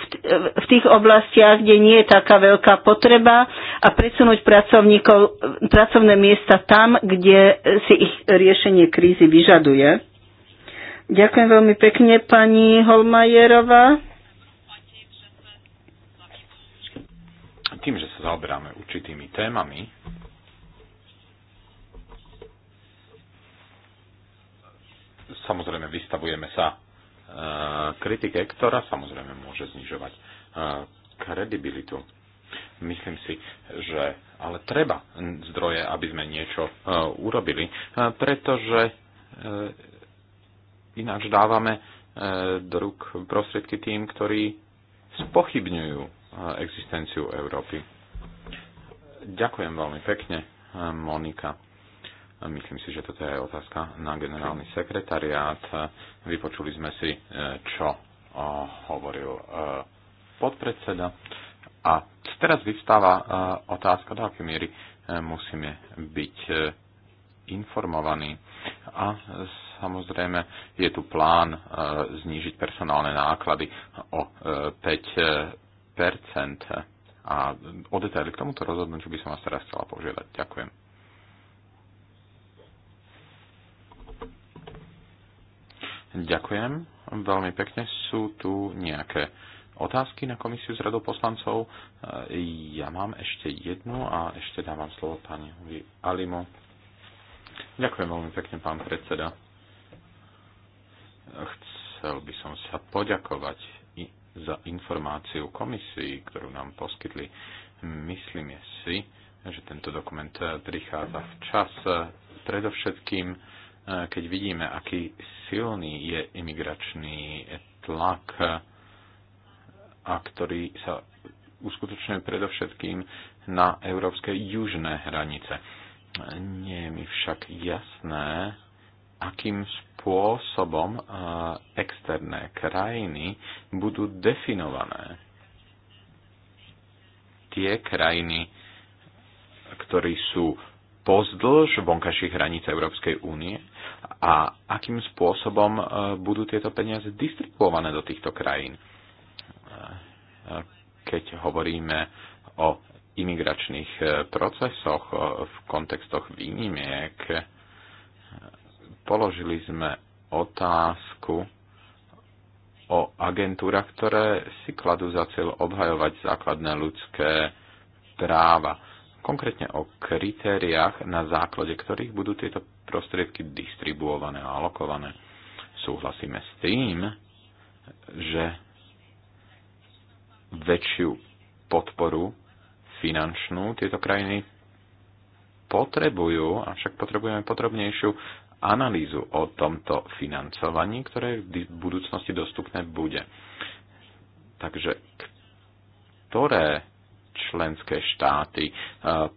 v tých oblastiach, kde nie je taká veľká potreba a presunúť pracovníkov, pracovné miesta tam, kde si ich riešenie krízy vyžaduje. Ďakujem veľmi pekne pani Holmajerová. tým, že sa zaoberáme určitými témami, samozrejme vystavujeme sa e, kritike, ktorá samozrejme môže znižovať e, kredibilitu. Myslím si, že ale treba zdroje, aby sme niečo e, urobili, pretože ináč dávame do rúk prostriedky tým, ktorí spochybňujú existenciu Európy. Ďakujem veľmi pekne, Monika. Myslím si, že toto je otázka na generálny sekretariát. Vypočuli sme si, čo eh, hovoril eh, podpredseda. A teraz vyvstáva eh, otázka, do akej miery musíme byť informovaní. A samozrejme je tu plán znížiť personálne náklady o 5 a o detaily k tomuto rozhodnutiu by som vás teraz chcela požiadať. Ďakujem. Ďakujem veľmi pekne. Sú tu nejaké otázky na komisiu s radou poslancov. Ja mám ešte jednu a ešte dávam slovo pani Alimo. Ďakujem veľmi pekne, pán predseda. Chcel by som sa poďakovať za informáciu komisii, ktorú nám poskytli. Myslíme si, že tento dokument prichádza včas, predovšetkým, eh, keď vidíme, aký silný je imigračný tlak a ktorý sa uskutočňuje predovšetkým na európskej južné hranice. Nie je mi však jasné, akým spôsobom eh, externé krajiny budú definované. Tie krajiny, ktorí sú pozdĺž vonkajších hraníc Európskej únie a akým spôsobom eh, budú tieto peniaze distribuované do týchto krajín. Eh, keď hovoríme o imigračných procesoch v kontextoch výnimiek, položili sme otázku o agentúrach, ktoré si kladú za cieľ obhajovať základné ľudské práva. Konkrétne o kritériách, na základe ktorých budú tieto prostriedky distribuované a alokované. Súhlasíme s tým, že väčšiu podporu finančnú tieto krajiny potrebujú, avšak potrebujeme podrobnejšiu analýzu o tomto financovaní, ktoré v budúcnosti dostupné bude. Takže ktoré členské štáty e,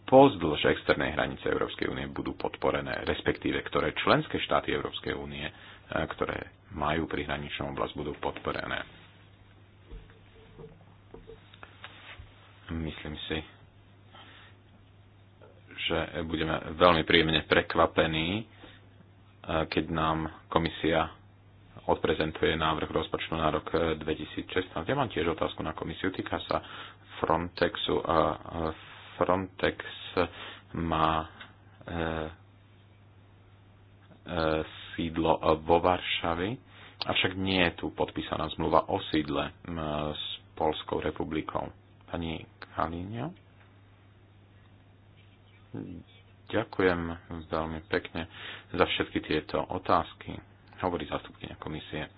pozdĺž externej hranice Európskej únie budú podporené, respektíve ktoré členské štáty Európskej únie, e, ktoré majú prihraničnú oblasť, budú podporené. Myslím si, že budeme veľmi príjemne prekvapení keď nám komisia odprezentuje návrh rozpočtu na rok 2016. E, ja mám tiež otázku na komisiu. Týka sa Frontexu. A Frontex má e, e, sídlo vo Varšavi, avšak nie je tu podpísaná zmluva o sídle s Polskou republikou. Pani Kalíňo? Ďakujem veľmi pekne za všetky tieto otázky, hovorí zástupkynia komisie. E,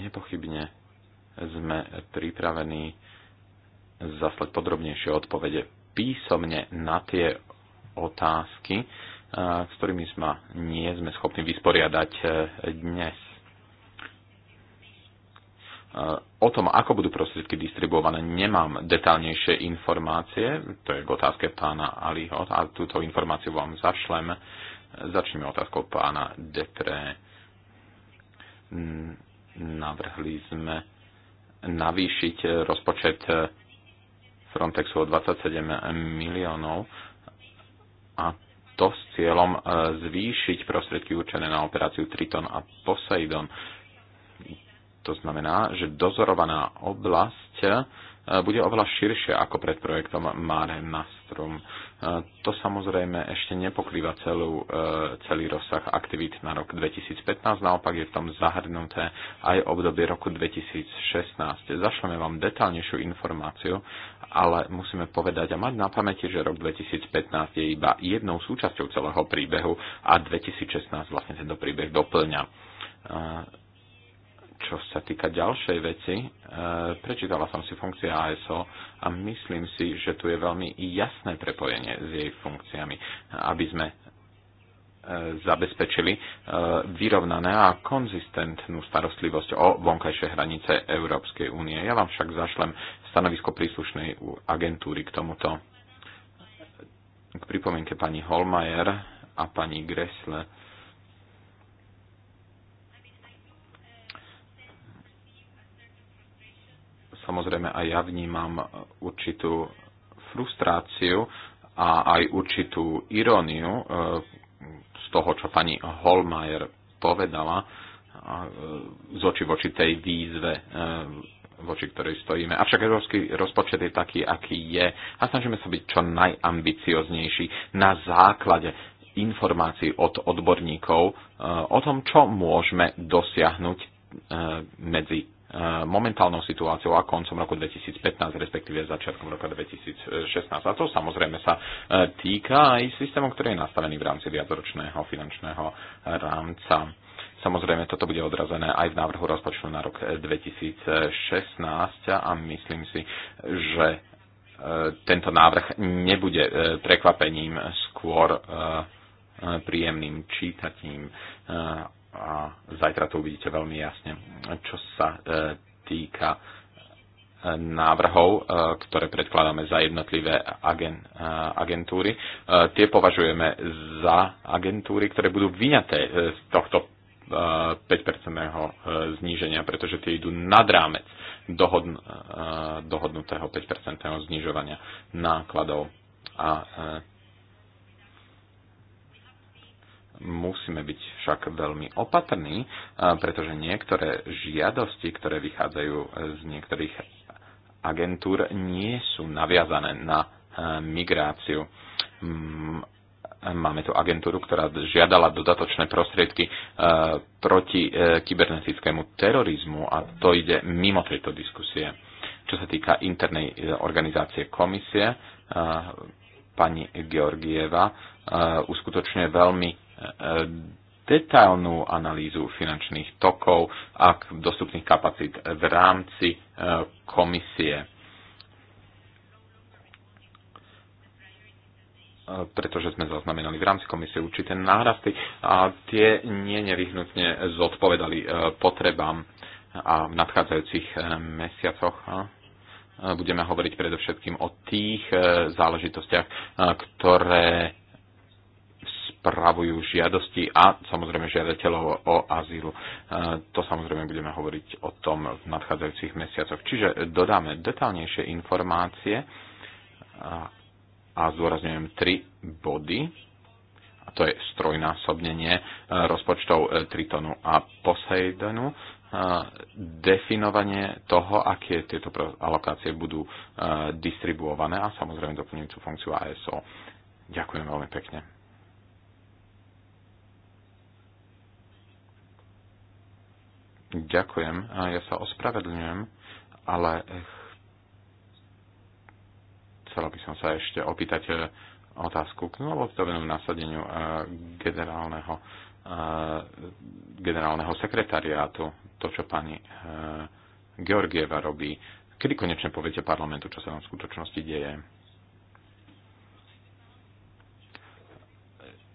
nepochybne sme pripravení zaslať podrobnejšie odpovede písomne na tie otázky, e, s ktorými sme nie sme schopní vysporiadať e, dnes. Eh, o tom, ako budú prostriedky distribuované, nemám detálnejšie informácie. To je k otázke pána Aliho a túto informáciu vám zašlem. Začneme otázkou pána Depre. Navrhli sme navýšiť rozpočet Frontexu o 27 miliónov a to s cieľom eh, zvýšiť prostriedky určené na operáciu Triton a Poseidon to znamená, že dozorovaná oblasť e, bude oveľa širšia ako pred projektom Mare Nostrum. E, to samozrejme ešte nepokrýva celú, e, celý rozsah aktivít na rok 2015, naopak je v tom zahrnuté aj obdobie roku 2016. Zašleme vám detálnejšiu informáciu, ale musíme povedať a mať na pamäti, že rok 2015 je iba jednou súčasťou celého príbehu a 2016 vlastne tento príbeh doplňa čo sa týka ďalšej veci, e, prečítala som si funkcie ASO a myslím si, že tu je veľmi jasné prepojenie s jej funkciami, aby sme e, zabezpečili e, vyrovnané a konzistentnú starostlivosť o vonkajšie hranice Európskej únie. Ja vám však zašlem stanovisko príslušnej agentúry k tomuto. K pripomienke pani Holmajer a pani Gressle Samozrejme aj ja vnímam určitú frustráciu a aj určitú iróniu e, z toho, čo pani Holmajer povedala e, z oči voči tej výzve, e, voči ktorej stojíme. Avšak európsky rozpočet je taký, aký je a snažíme sa byť čo najambicioznejší na základe informácií od odborníkov o tom, čo môžeme dosiahnuť medzi E, momentálnou situáciou a koncom roku 2015, respektíve začiatkom roka 2016. A to samozrejme sa e, týka aj systému, ktorý je nastavený v rámci viacročného finančného rámca. Samozrejme, toto bude odrazené aj v návrhu rozpočtu na rok 2016 a myslím si, že e, tento návrh nebude prekvapením, skôr príjemným čítatím a zajtra to uvidíte veľmi jasne, čo sa e, týka e, návrhov, e, ktoré predkladáme za jednotlivé agentúry. Tie považujeme za agentúry, ktoré budú vyňaté z tohto 5-percentného zníženia, pretože tie idú nad rámec dohodn- dohodnutého 5-percentného znižovania nákladov a musíme byť však veľmi opatrní, pretože niektoré žiadosti, ktoré vychádzajú z niektorých agentúr, nie sú naviazané na e, migráciu. Máme tu agentúru, ktorá žiadala dodatočné prostriedky e, proti e, kybernetickému terorizmu a to ide mimo tejto diskusie. Čo sa týka internej organizácie komisie, pani Georgieva uskutočňuje veľmi E, e, detailnú analýzu finančných tokov a dostupných kapacít v rámci e, komisie. pretože sme zaznamenali v rámci komisie určité nárasty a tie nie nevyhnutne zodpovedali potrebám a v nadchádzajúcich mesiacoch budeme hovoriť predovšetkým o tých záležitostiach, ktoré spravujú žiadosti a samozrejme žiadateľov o azyl. E, to samozrejme budeme hovoriť o tom v nadchádzajúcich mesiacoch. Čiže dodáme detálnejšie informácie a zdôrazňujem tri body. A to je strojnásobnenie e, rozpočtov e, Tritonu a Poseidonu, definovanie toho, aké tieto alokácie budú distribuované a samozrejme doplňujúcu funkciu ASO. Ďakujem veľmi pekne. Ďakujem, ja sa ospravedlňujem, ale chcela by som sa ešte opýtať e, otázku k novostavenom nasadeniu e, generálneho, e, generálneho sekretariátu, to, čo pani Georgieva robí. Kedy konečne poviete parlamentu, čo sa tam v skutočnosti deje?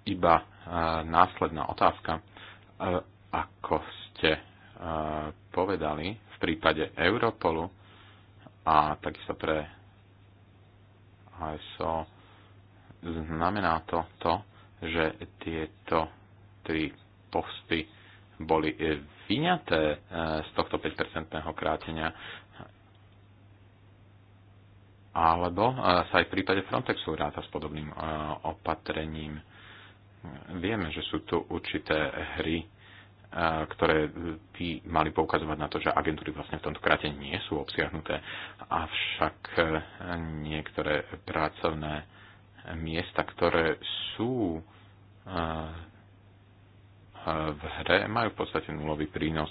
Iba následná otázka. Ako ste povedali v prípade Europolu a takisto pre ASO znamená to to, že tieto tri posty boli vyňaté e, z tohto 5-percentného krátenia alebo e, sa aj v prípade Frontexu ráta s podobným e, opatrením. Vieme, že sú tu určité hry ktoré by e, mali poukazovať na to, že agentúry vlastne v tomto kráte nie sú obsiahnuté. Avšak e, niektoré pracovné miesta, ktoré sú e, v hre, majú v podstate nulový prínos.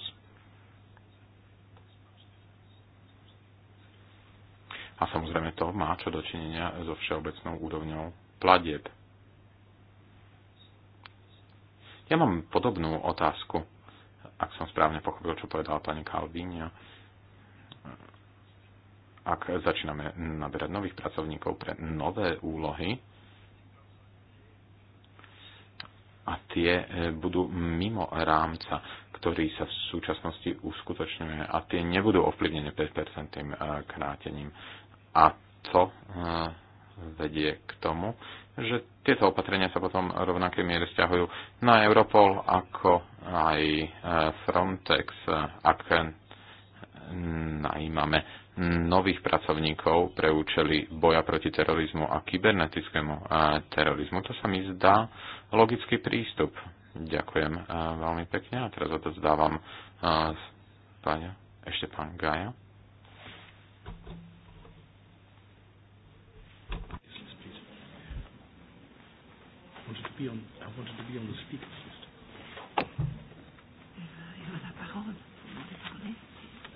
A samozrejme to má čo dočinenia so všeobecnou úrovňou platieb. Ja mám podobnú otázku ak som správne pochopil, čo povedala pani Calvino, ak začíname naberať nových pracovníkov pre nové úlohy a tie e, budú mimo rámca, ktorý sa v súčasnosti uskutočňuje a tie nebudú ovplyvnené 5 e, krátením. A to e, vedie k tomu, že tieto opatrenia sa potom rovnakej miere vzťahujú. na Europol ako aj e, Frontex, e, ak najímame nových pracovníkov pre účely boja proti terorizmu a kybernetickému e, terorizmu. To sa mi zdá logický prístup. Ďakujem veľmi pekne a teraz odozdávam pani ešte pán Gaja. be on, I wanted to be on the speaker's list.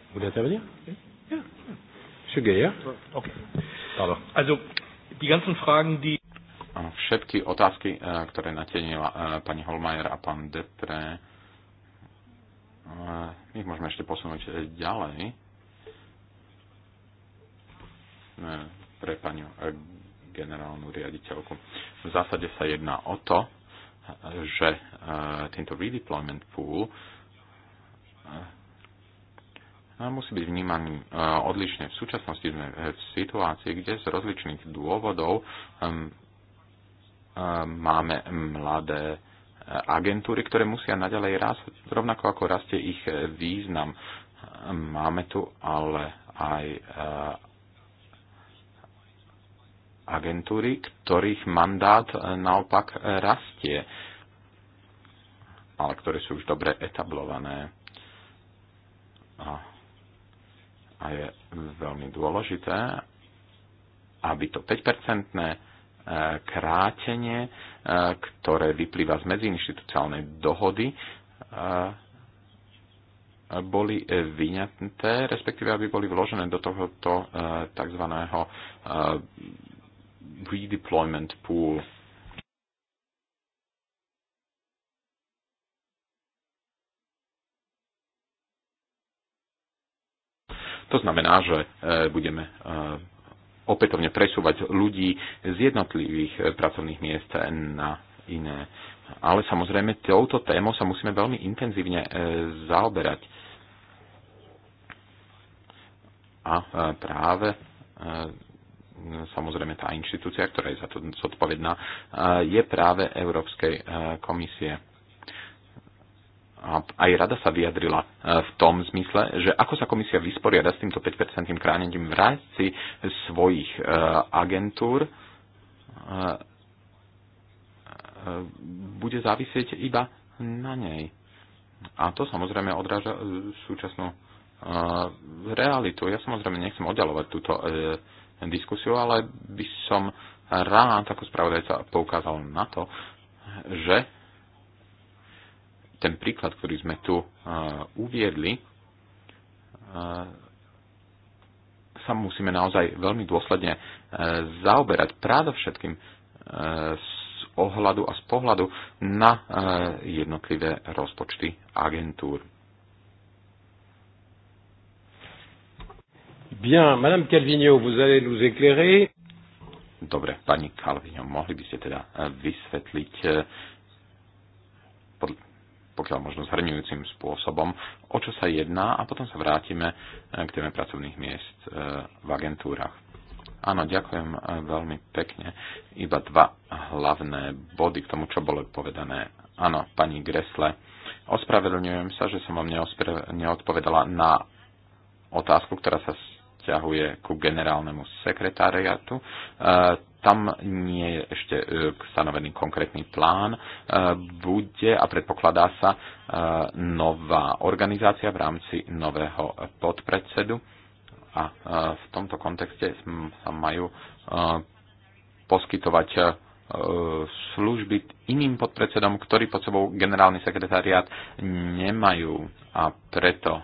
Vous voulez intervenir Všetky otázky, eh, ktoré natienila eh, pani Holmajer a pán Depre, eh, my ich môžeme ešte posunúť ďalej pre pani generálnu riaditeľku. V zásade sa jedná o to, že e, tento redeployment pool e, musí byť vnímaný e, odlišne. V súčasnosti sme v situácii, kde z rozličných dôvodov máme mladé agentúry, ktoré musia naďalej rásť, rovnako ako rastie ich význam. Máme tu ale aj agentúry, ktorých mandát e, naopak e, rastie, ale ktoré sú už dobre etablované. A, je veľmi dôležité, aby to 5-percentné e, krátenie, ktoré vyplýva z medziinstitucionálnej dohody, boli vyňaté, respektíve aby boli vložené do tohoto tzv redeployment pool. To znamená, že e, budeme e, opätovne presúvať ľudí z jednotlivých e, pracovných miest na iné. Ale samozrejme, touto témou sa musíme veľmi intenzívne zaoberať. A práve samozrejme tá inštitúcia, ktorá je za to zodpovedná, e, je práve Európskej e, komisie. A aj rada sa vyjadrila e, v tom zmysle, že ako sa komisia vysporiada s týmto 5 kránením v rámci svojich agentúr, bude závisieť iba na nej. A to samozrejme odráža súčasnú realitu. Ja samozrejme nechcem oddalovať túto diskusiu, ale by som rád ako spravodajca poukázal na to, že ten príklad, ktorý sme tu eh, uviedli, eh, sa musíme naozaj veľmi dôsledne eh, zaoberať uh, z ohľadu a z pohľadu na jednotlivé rozpočty agentúr. Bien, Madame Calvino, vous allez nous éclairer. Dobre, pani Calvino, mohli by ste teda eh, vysvetliť eh, pokiaľ možno zhrňujúcim spôsobom, o čo sa jedná a potom sa vrátime eh, k téme pracovných miest v agentúrach. Áno, ďakujem veľmi pekne. Iba dva hlavné body k tomu, čo bolo povedané. Áno, pani Gresle, ospravedlňujem sa, že som vám neodpovedala na otázku, ktorá sa vzťahuje ku generálnemu sekretariatu. E, tam nie je ešte e, stanovený konkrétny plán. E, bude a predpokladá sa nová organizácia v rámci nového podpredsedu a v tomto kontexte sa majú poskytovať služby iným podpredsedom, ktorí pod sebou generálny sekretariát nemajú a preto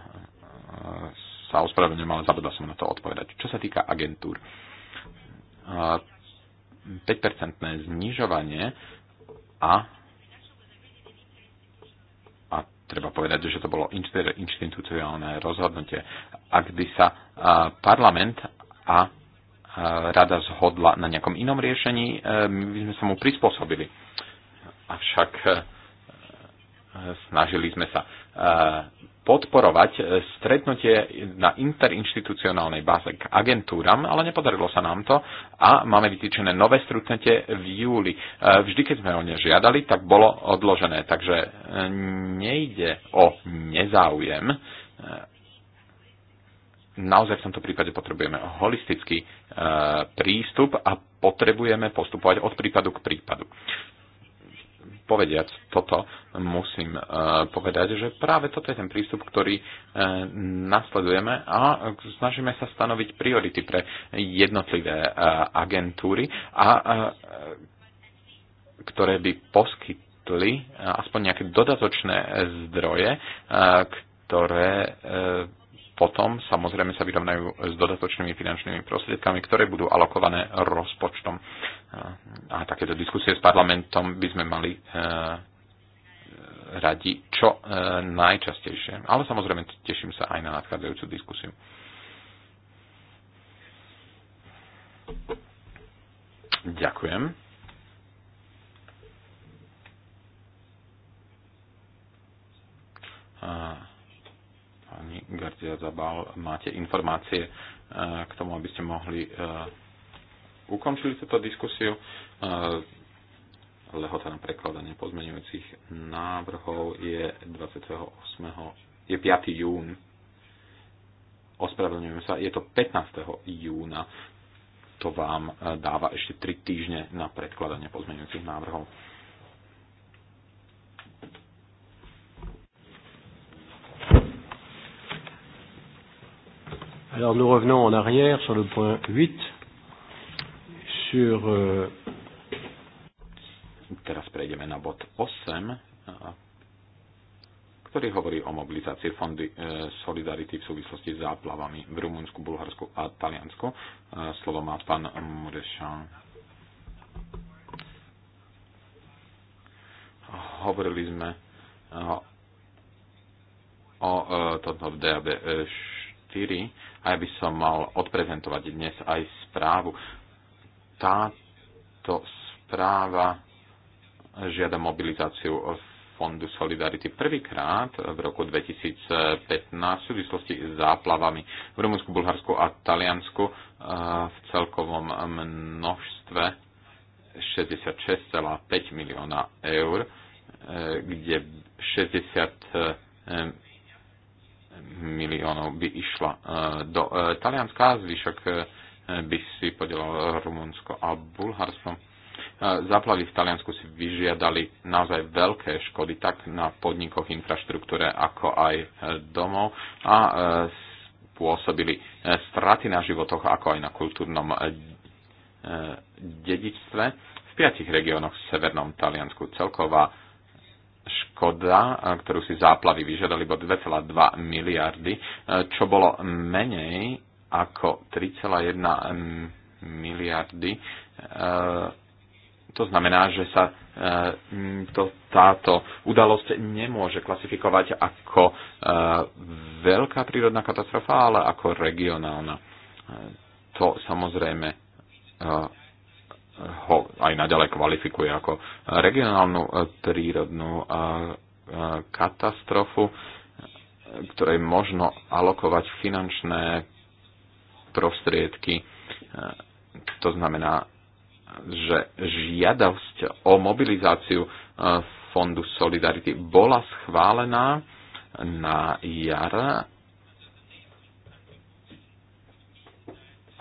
sa ospravedlňujem, ale zabudla som na to odpovedať. Čo sa týka agentúr, 5-percentné znižovanie a a treba povedať, že to bolo inštitúciálne rozhodnutie. Ak by sa parlament a rada zhodla na nejakom inom riešení, e, my by sme sa mu prispôsobili. Avšak e, e, snažili sme sa podporovať e, stretnutie na interinstitucionálnej báze k agentúram, ale nepodarilo sa nám to a máme vytýčené nové stretnutie v júli. E, vždy, keď sme o ne žiadali, tak bolo odložené, takže e, nejde o nezáujem. Naozaj v tomto prípade potrebujeme holistický prístup a potrebujeme postupovať od prípadu k prípadu povediac toto, musím e, povedať, že práve toto je ten prístup, ktorý e, nasledujeme a snažíme sa stanoviť priority pre jednotlivé e, agentúry, a, ktoré by poskytli aspoň nejaké dodatočné zdroje, ktoré potom samozrejme sa vyrovnajú s dodatočnými finančnými prostriedkami, ktoré budú alokované rozpočtom. A takéto diskusie s parlamentom by sme mali e, radi čo e, najčastejšie. Ale samozrejme teším sa aj na nadchádzajúcu diskusiu. Ďakujem. A Pani Gardia Zabal, máte informácie e, k tomu, aby ste mohli e, ukončili túto diskusiu. E, lehota na prekladanie pozmeňujúcich návrhov je 28. je 5. jún. Ospravedlňujem sa, je to 15. júna. To vám dáva ešte 3 týždne na predkladanie pozmeňujúcich návrhov. Alors nous revenons en arrière sur le point 8, sur... Euh... Teraz prejdeme na bod 8, ktorý hovorí o mobilizácii fondy e, Solidarity v súvislosti s záplavami v Rumunsku, Bulharsku a Taliansku. E, slovo má pán Murešan. hovorili sme e, o, o tomto v DAB 4 a ja by som mal odprezentovať dnes aj správu. Táto správa žiada mobilizáciu Fondu Solidarity prvýkrát v roku 2015 v súvislosti s záplavami v Rumunsku, Bulharsku a Taliansku eh, v celkovom množstve 66,5 milióna eur, eh, kde 60 miliónov by išla e, do e, Talianska, zvyšok e, by si podelalo Rumunsko a Bulharsko. Záplavy v Taliansku si vyžiadali naozaj veľké škody tak na podnikoch, infraštruktúre, ako aj domov a spôsobili straty na životoch, ako aj na kultúrnom dedičstve v piatich regiónoch v severnom Taliansku. Celková škoda, ktorú si záplavy vyžiadali, iba 2,2 miliardy, čo bolo menej ako 3,1 miliardy. To znamená, že sa to, táto udalosť nemôže klasifikovať ako veľká prírodná katastrofa, ale ako regionálna. To samozrejme ho aj naďalej kvalifikuje ako regionálnu e, prírodnú e, e, katastrofu, ktorej možno alokovať finančné prostriedky. To znamená, že žiadavosť o mobilizáciu Fondu Solidarity bola schválená na jar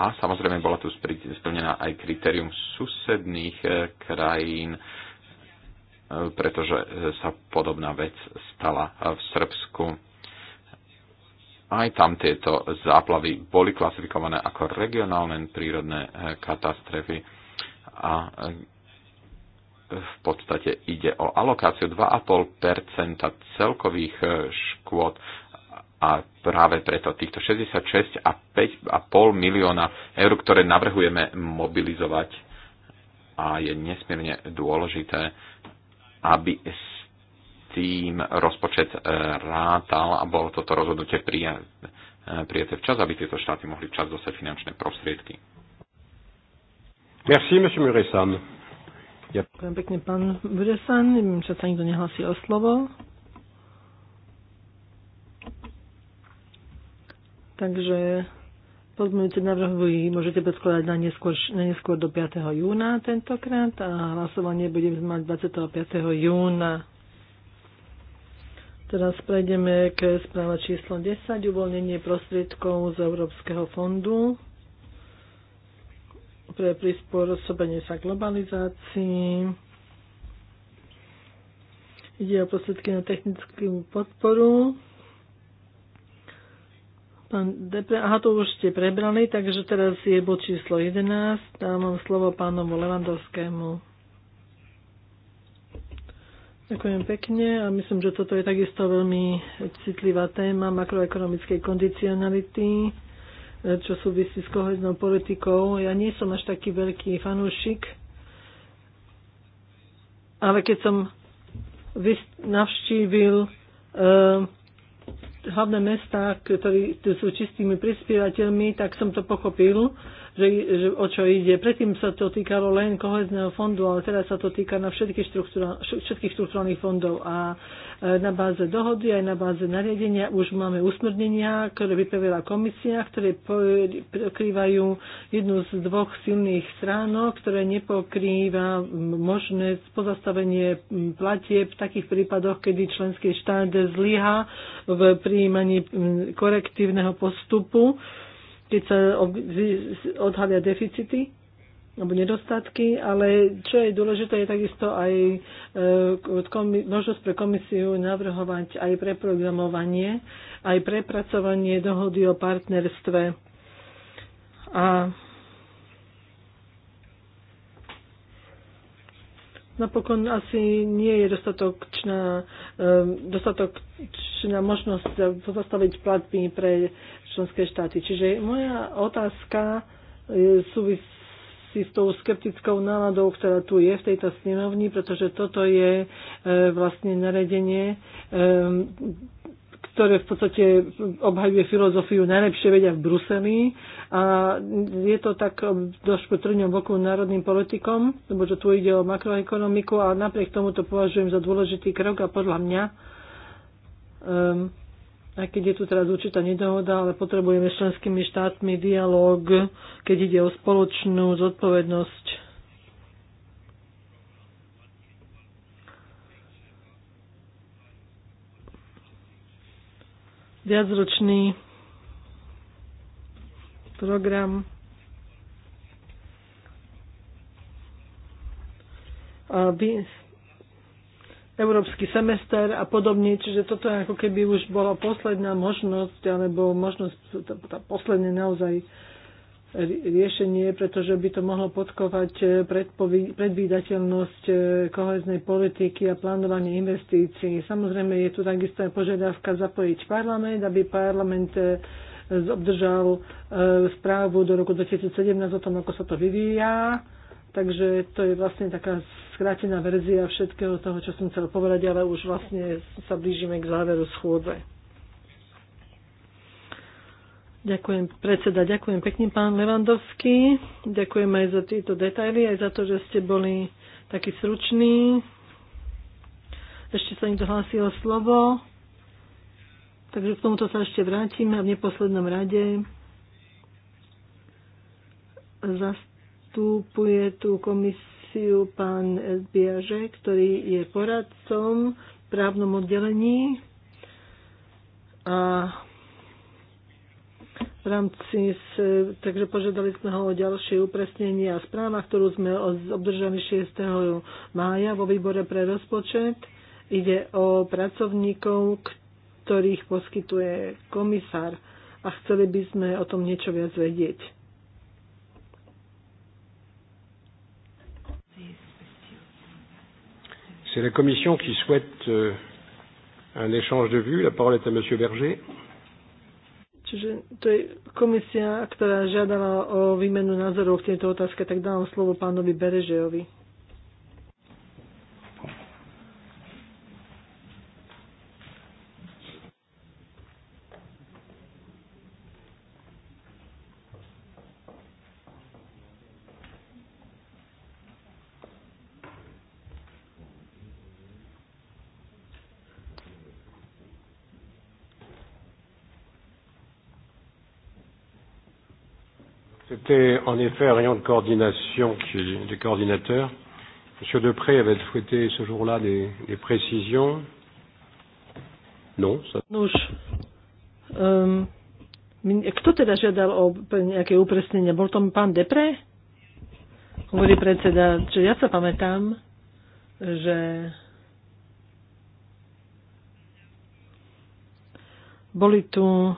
A samozrejme bola tu splnená aj kritérium susedných e, krajín, e, pretože e, sa podobná vec stala v Srbsku. Aj tam tieto záplavy boli klasifikované ako regionálne prírodné katastrofy a v podstate ide o alokáciu 2,5 celkových škôd a práve preto týchto 66 a 5,5 milióna eur, ktoré navrhujeme mobilizovať, a je nesmierne dôležité, aby s tým rozpočet e, rátal a bolo toto rozhodnutie e, prijaté včas, aby tieto štáty mohli včas dostať finančné prostriedky. Merci, monsieur Muresan. Ďakujem pekne, pán Muresan. Neviem, čo sa nikto nehlasí o slovo. Takže Pozmeňujúce návrhy môžete predkladať na neskôr, na neskôr do 5. júna tentokrát a hlasovanie budeme mať 25. júna. Teraz prejdeme k správa číslo 10, uvoľnenie prostriedkov z Európskeho fondu pre prispôsobenie sa globalizácii. Ide o prostriedky na technickú podporu Pán Depre, aha, to už ste prebrali, takže teraz je bod číslo 11. Dávam slovo pánovu Levandovskému. Ďakujem pekne a myslím, že toto je takisto veľmi citlivá téma makroekonomickej kondicionality, čo súvisí s koheznou politikou. Ja nie som až taký veľký fanúšik, ale keď som navštívil uh, hlavné mestá, ktorí sú čistými prispievateľmi, tak som to pochopil že, o čo ide. Predtým sa to týkalo len kohezného fondu, ale teraz sa to týka na všetkých, štruktúra, všetkých štruktúrnych fondov. A e, na báze dohody aj na báze nariadenia už máme usmrnenia, ktoré vypravila komisia, ktoré pokrývajú jednu z dvoch silných stránok, ktoré nepokrýva možné pozastavenie platieb v takých prípadoch, kedy členský štát zlyha v príjmaní korektívneho postupu keď sa odhalia deficity alebo nedostatky, ale čo je dôležité, je takisto aj e, možnosť pre komisiu navrhovať aj preprogramovanie, aj prepracovanie dohody o partnerstve. A napokon asi nie je dostatočná, e, dostatočná možnosť pozastaviť platby pre členské štáty. Čiže moja otázka e, súvisí s tou skeptickou náladou, ktorá tu je v tejto snemovni, pretože toto je e, vlastne naredenie ktoré v podstate obhajuje filozofiu najlepšie vedia v Bruseli a je to tak trošku trňom boku národným politikom, lebo že tu ide o makroekonomiku a napriek tomu to považujem za dôležitý krok a podľa mňa um, aj keď je tu teraz určitá nedohoda, ale potrebujeme s členskými štátmi dialog, keď ide o spoločnú zodpovednosť viacročný program by, európsky semester a podobne, čiže toto ako keby už bola posledná možnosť, alebo možnosť, tá, tá posledná naozaj riešenie, pretože by to mohlo podkovať eh, predvídateľnosť eh, koheznej politiky a plánovanie investícií. Samozrejme je tu takisto aj požiadavka zapojiť parlament, aby parlament eh, obdržal správu do roku 2017 o tom, ako sa to vyvíja. Takže to je vlastne taká skrátená verzia všetkého toho, čo som chcel povedať, ale už vlastne sa blížime k záveru schôdze. Ďakujem, predseda, ďakujem pekne, pán Levandovský. Ďakujem aj za tieto detaily, aj za to, že ste boli takí sruční. Ešte sa niekto hlási slovo. Takže k tomuto sa ešte vrátime a v neposlednom rade zastupuje tú komisiu pán Biaže, ktorý je poradcom v právnom oddelení a v rámci, s, takže požiadali sme ho o ďalšie upresnenie a správa, ktorú sme obdržali 6. mája vo výbore pre rozpočet. Ide o pracovníkov, ktorých poskytuje komisár a chceli by sme o tom niečo viac vedieť. C'est la commission qui souhaite euh, un échange de vues. La parole est à Monsieur Berger. Čiže to je komisia, ktorá žiadala o výmenu názorov k tejto otázke, tak dávam slovo pánovi Berežejovi. C'était en effet un rayon de coordination des coordinateurs. Monsieur Depré avait souhaité ce jour-là des, des précisions. Non, ça... Nous, um, ehm, kto teda žiadal o nejaké upresnenia? Bol to pán Depré? Hovorí predseda, že ja sa pamätám, že boli tu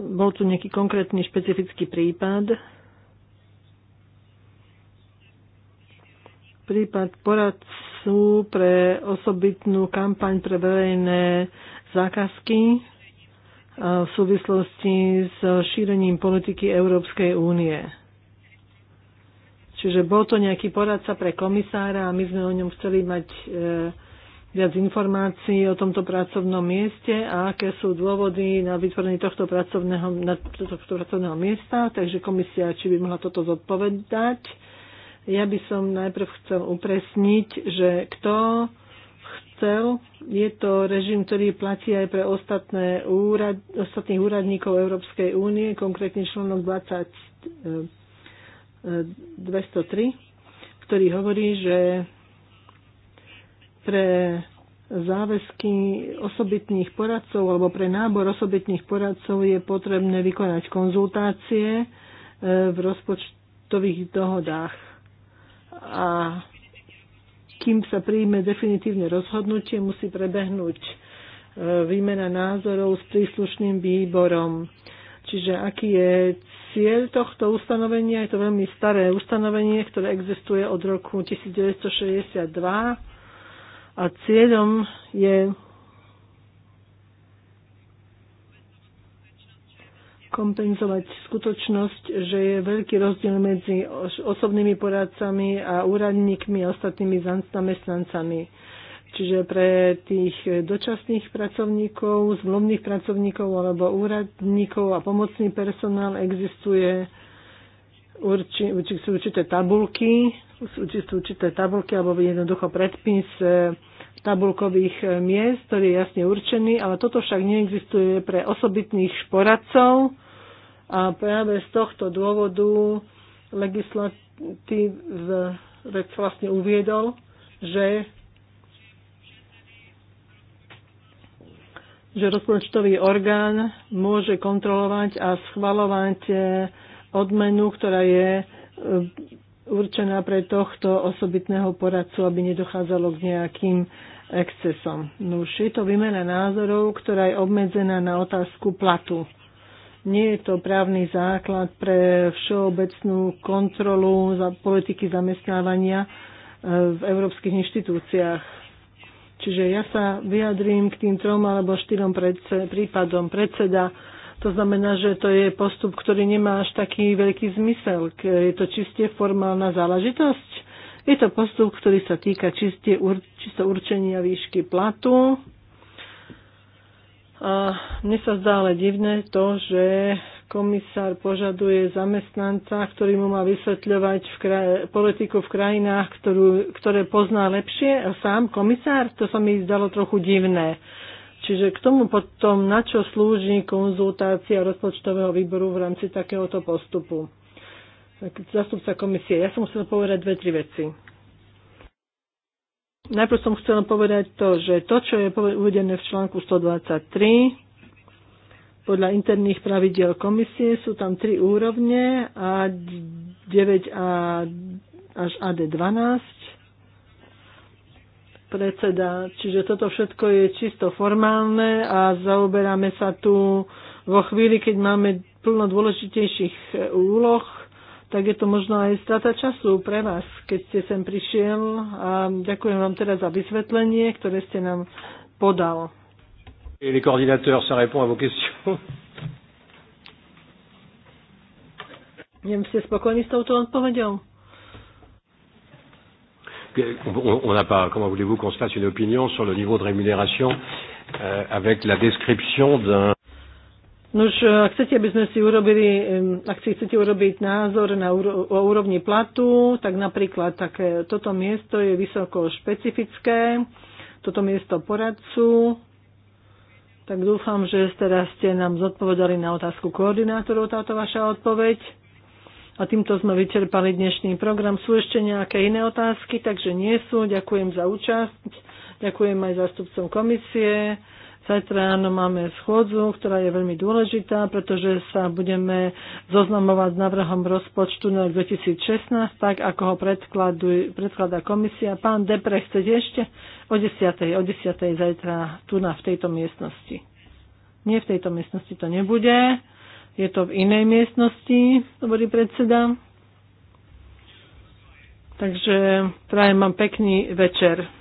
bol tu nejaký konkrétny špecifický prípad. Prípad poradcu pre osobitnú kampaň pre verejné zákazky v súvislosti s šírením politiky Európskej únie. Čiže bol to nejaký poradca pre komisára a my sme o ňom chceli mať e, viac informácií o tomto pracovnom mieste a aké sú dôvody na vytvorenie tohto pracovného, na tohto pracovného miesta. Takže komisia, či by mohla toto zodpovedať. Ja by som najprv chcel upresniť, že kto chcel, je to režim, ktorý platí aj pre ostatné úrad, ostatných úradníkov Európskej únie, konkrétne členok 20, 203, ktorý hovorí, že pre záväzky osobitných poradcov alebo pre nábor osobitných poradcov je potrebné vykonať konzultácie e, v rozpočtových dohodách. A kým sa príjme definitívne rozhodnutie, musí prebehnúť e, výmena názorov s príslušným výborom. Čiže aký je cieľ tohto ustanovenia? Je to veľmi staré ustanovenie, ktoré existuje od roku 1962 a cieľom je kompenzovať skutočnosť, že je veľký rozdiel medzi osobnými poradcami a úradníkmi a ostatnými zamestnancami. Čiže pre tých dočasných pracovníkov, zmluvných pracovníkov alebo úradníkov a pomocný personál existuje urči, sú určité tabulky, sú určité tabulky alebo jednoducho predpis eh, tabulkových e, miest, ktorý je jasne určený, ale toto však neexistuje pre osobitných poradcov a práve z tohto dôvodu legislatívec vlastne uviedol, že že rozpočtový orgán môže kontrolovať a schvalovať e, odmenu, ktorá je e, určená pre tohto osobitného poradcu, aby nedochádzalo k nejakým excesom. No už je to výmena názorov, ktorá je obmedzená na otázku platu. Nie je to právny základ pre všeobecnú kontrolu za politiky zamestnávania e, v európskych inštitúciách. Čiže ja sa vyjadrím k tým trom alebo štyrom prípadom. Predseda to znamená, že to je postup, ktorý nemá až taký veľký zmysel. Je to čiste formálna záležitosť. Je to postup, ktorý sa týka čiste, čisto určenia výšky platu. A mne sa zdá ale divné to, že komisár požaduje zamestnanca, ktorý mu má vysvetľovať v kraj, politiku v krajinách, ktorú, ktoré pozná lepšie, a sám komisár, to sa mi zdalo trochu divné. Čiže k tomu potom, na čo slúži konzultácia rozpočtového výboru v rámci takéhoto postupu. Tak, zastupca komisie, ja som chcel povedať dve, tri veci. Najprv som chcela povedať to, že to, čo je uvedené v článku 123, podľa interných pravidiel komisie sú tam tri úrovne A9 a až AD12 predseda. Čiže toto všetko je čisto formálne a zaoberáme sa tu vo chvíli, keď máme plno dôležitejších e, úloh, tak je to možno aj strata času pre vás, keď ste sem prišiel a ďakujem vám teraz za vysvetlenie, ktoré ste nám podal. Et les coordinateurs, ça répond à vos questions. Neviem, ste spokojní s touto odpovedou? on n'a pas, comment voulez-vous qu'on se fasse une opinion sur le niveau de rémunération euh, avec la description d'un Nož, eh, ak chcete, aby sme si urobili, eh, ak si chcete urobiť názor na úro, o úrovni platu, tak napríklad také, toto miesto je vysoko špecifické, toto miesto poradcu, tak dúfam, že teraz ste nám zodpovedali na otázku koordinátorov táto vaša odpoveď. A týmto sme vyčerpali dnešný program. Sú ešte nejaké iné otázky, takže nie sú. Ďakujem za účasť. Ďakujem aj zástupcom komisie. Zajtra ráno máme schôdzu, ktorá je veľmi dôležitá, pretože sa budeme zoznamovať s návrhom rozpočtu na 2016, tak ako ho predkladá komisia. Pán Depre, chcete ešte? O 10. O 10. zajtra tu na, v tejto miestnosti. Nie v tejto miestnosti to nebude. Je to v inej miestnosti, hovorí predseda. Takže prajem vám pekný večer.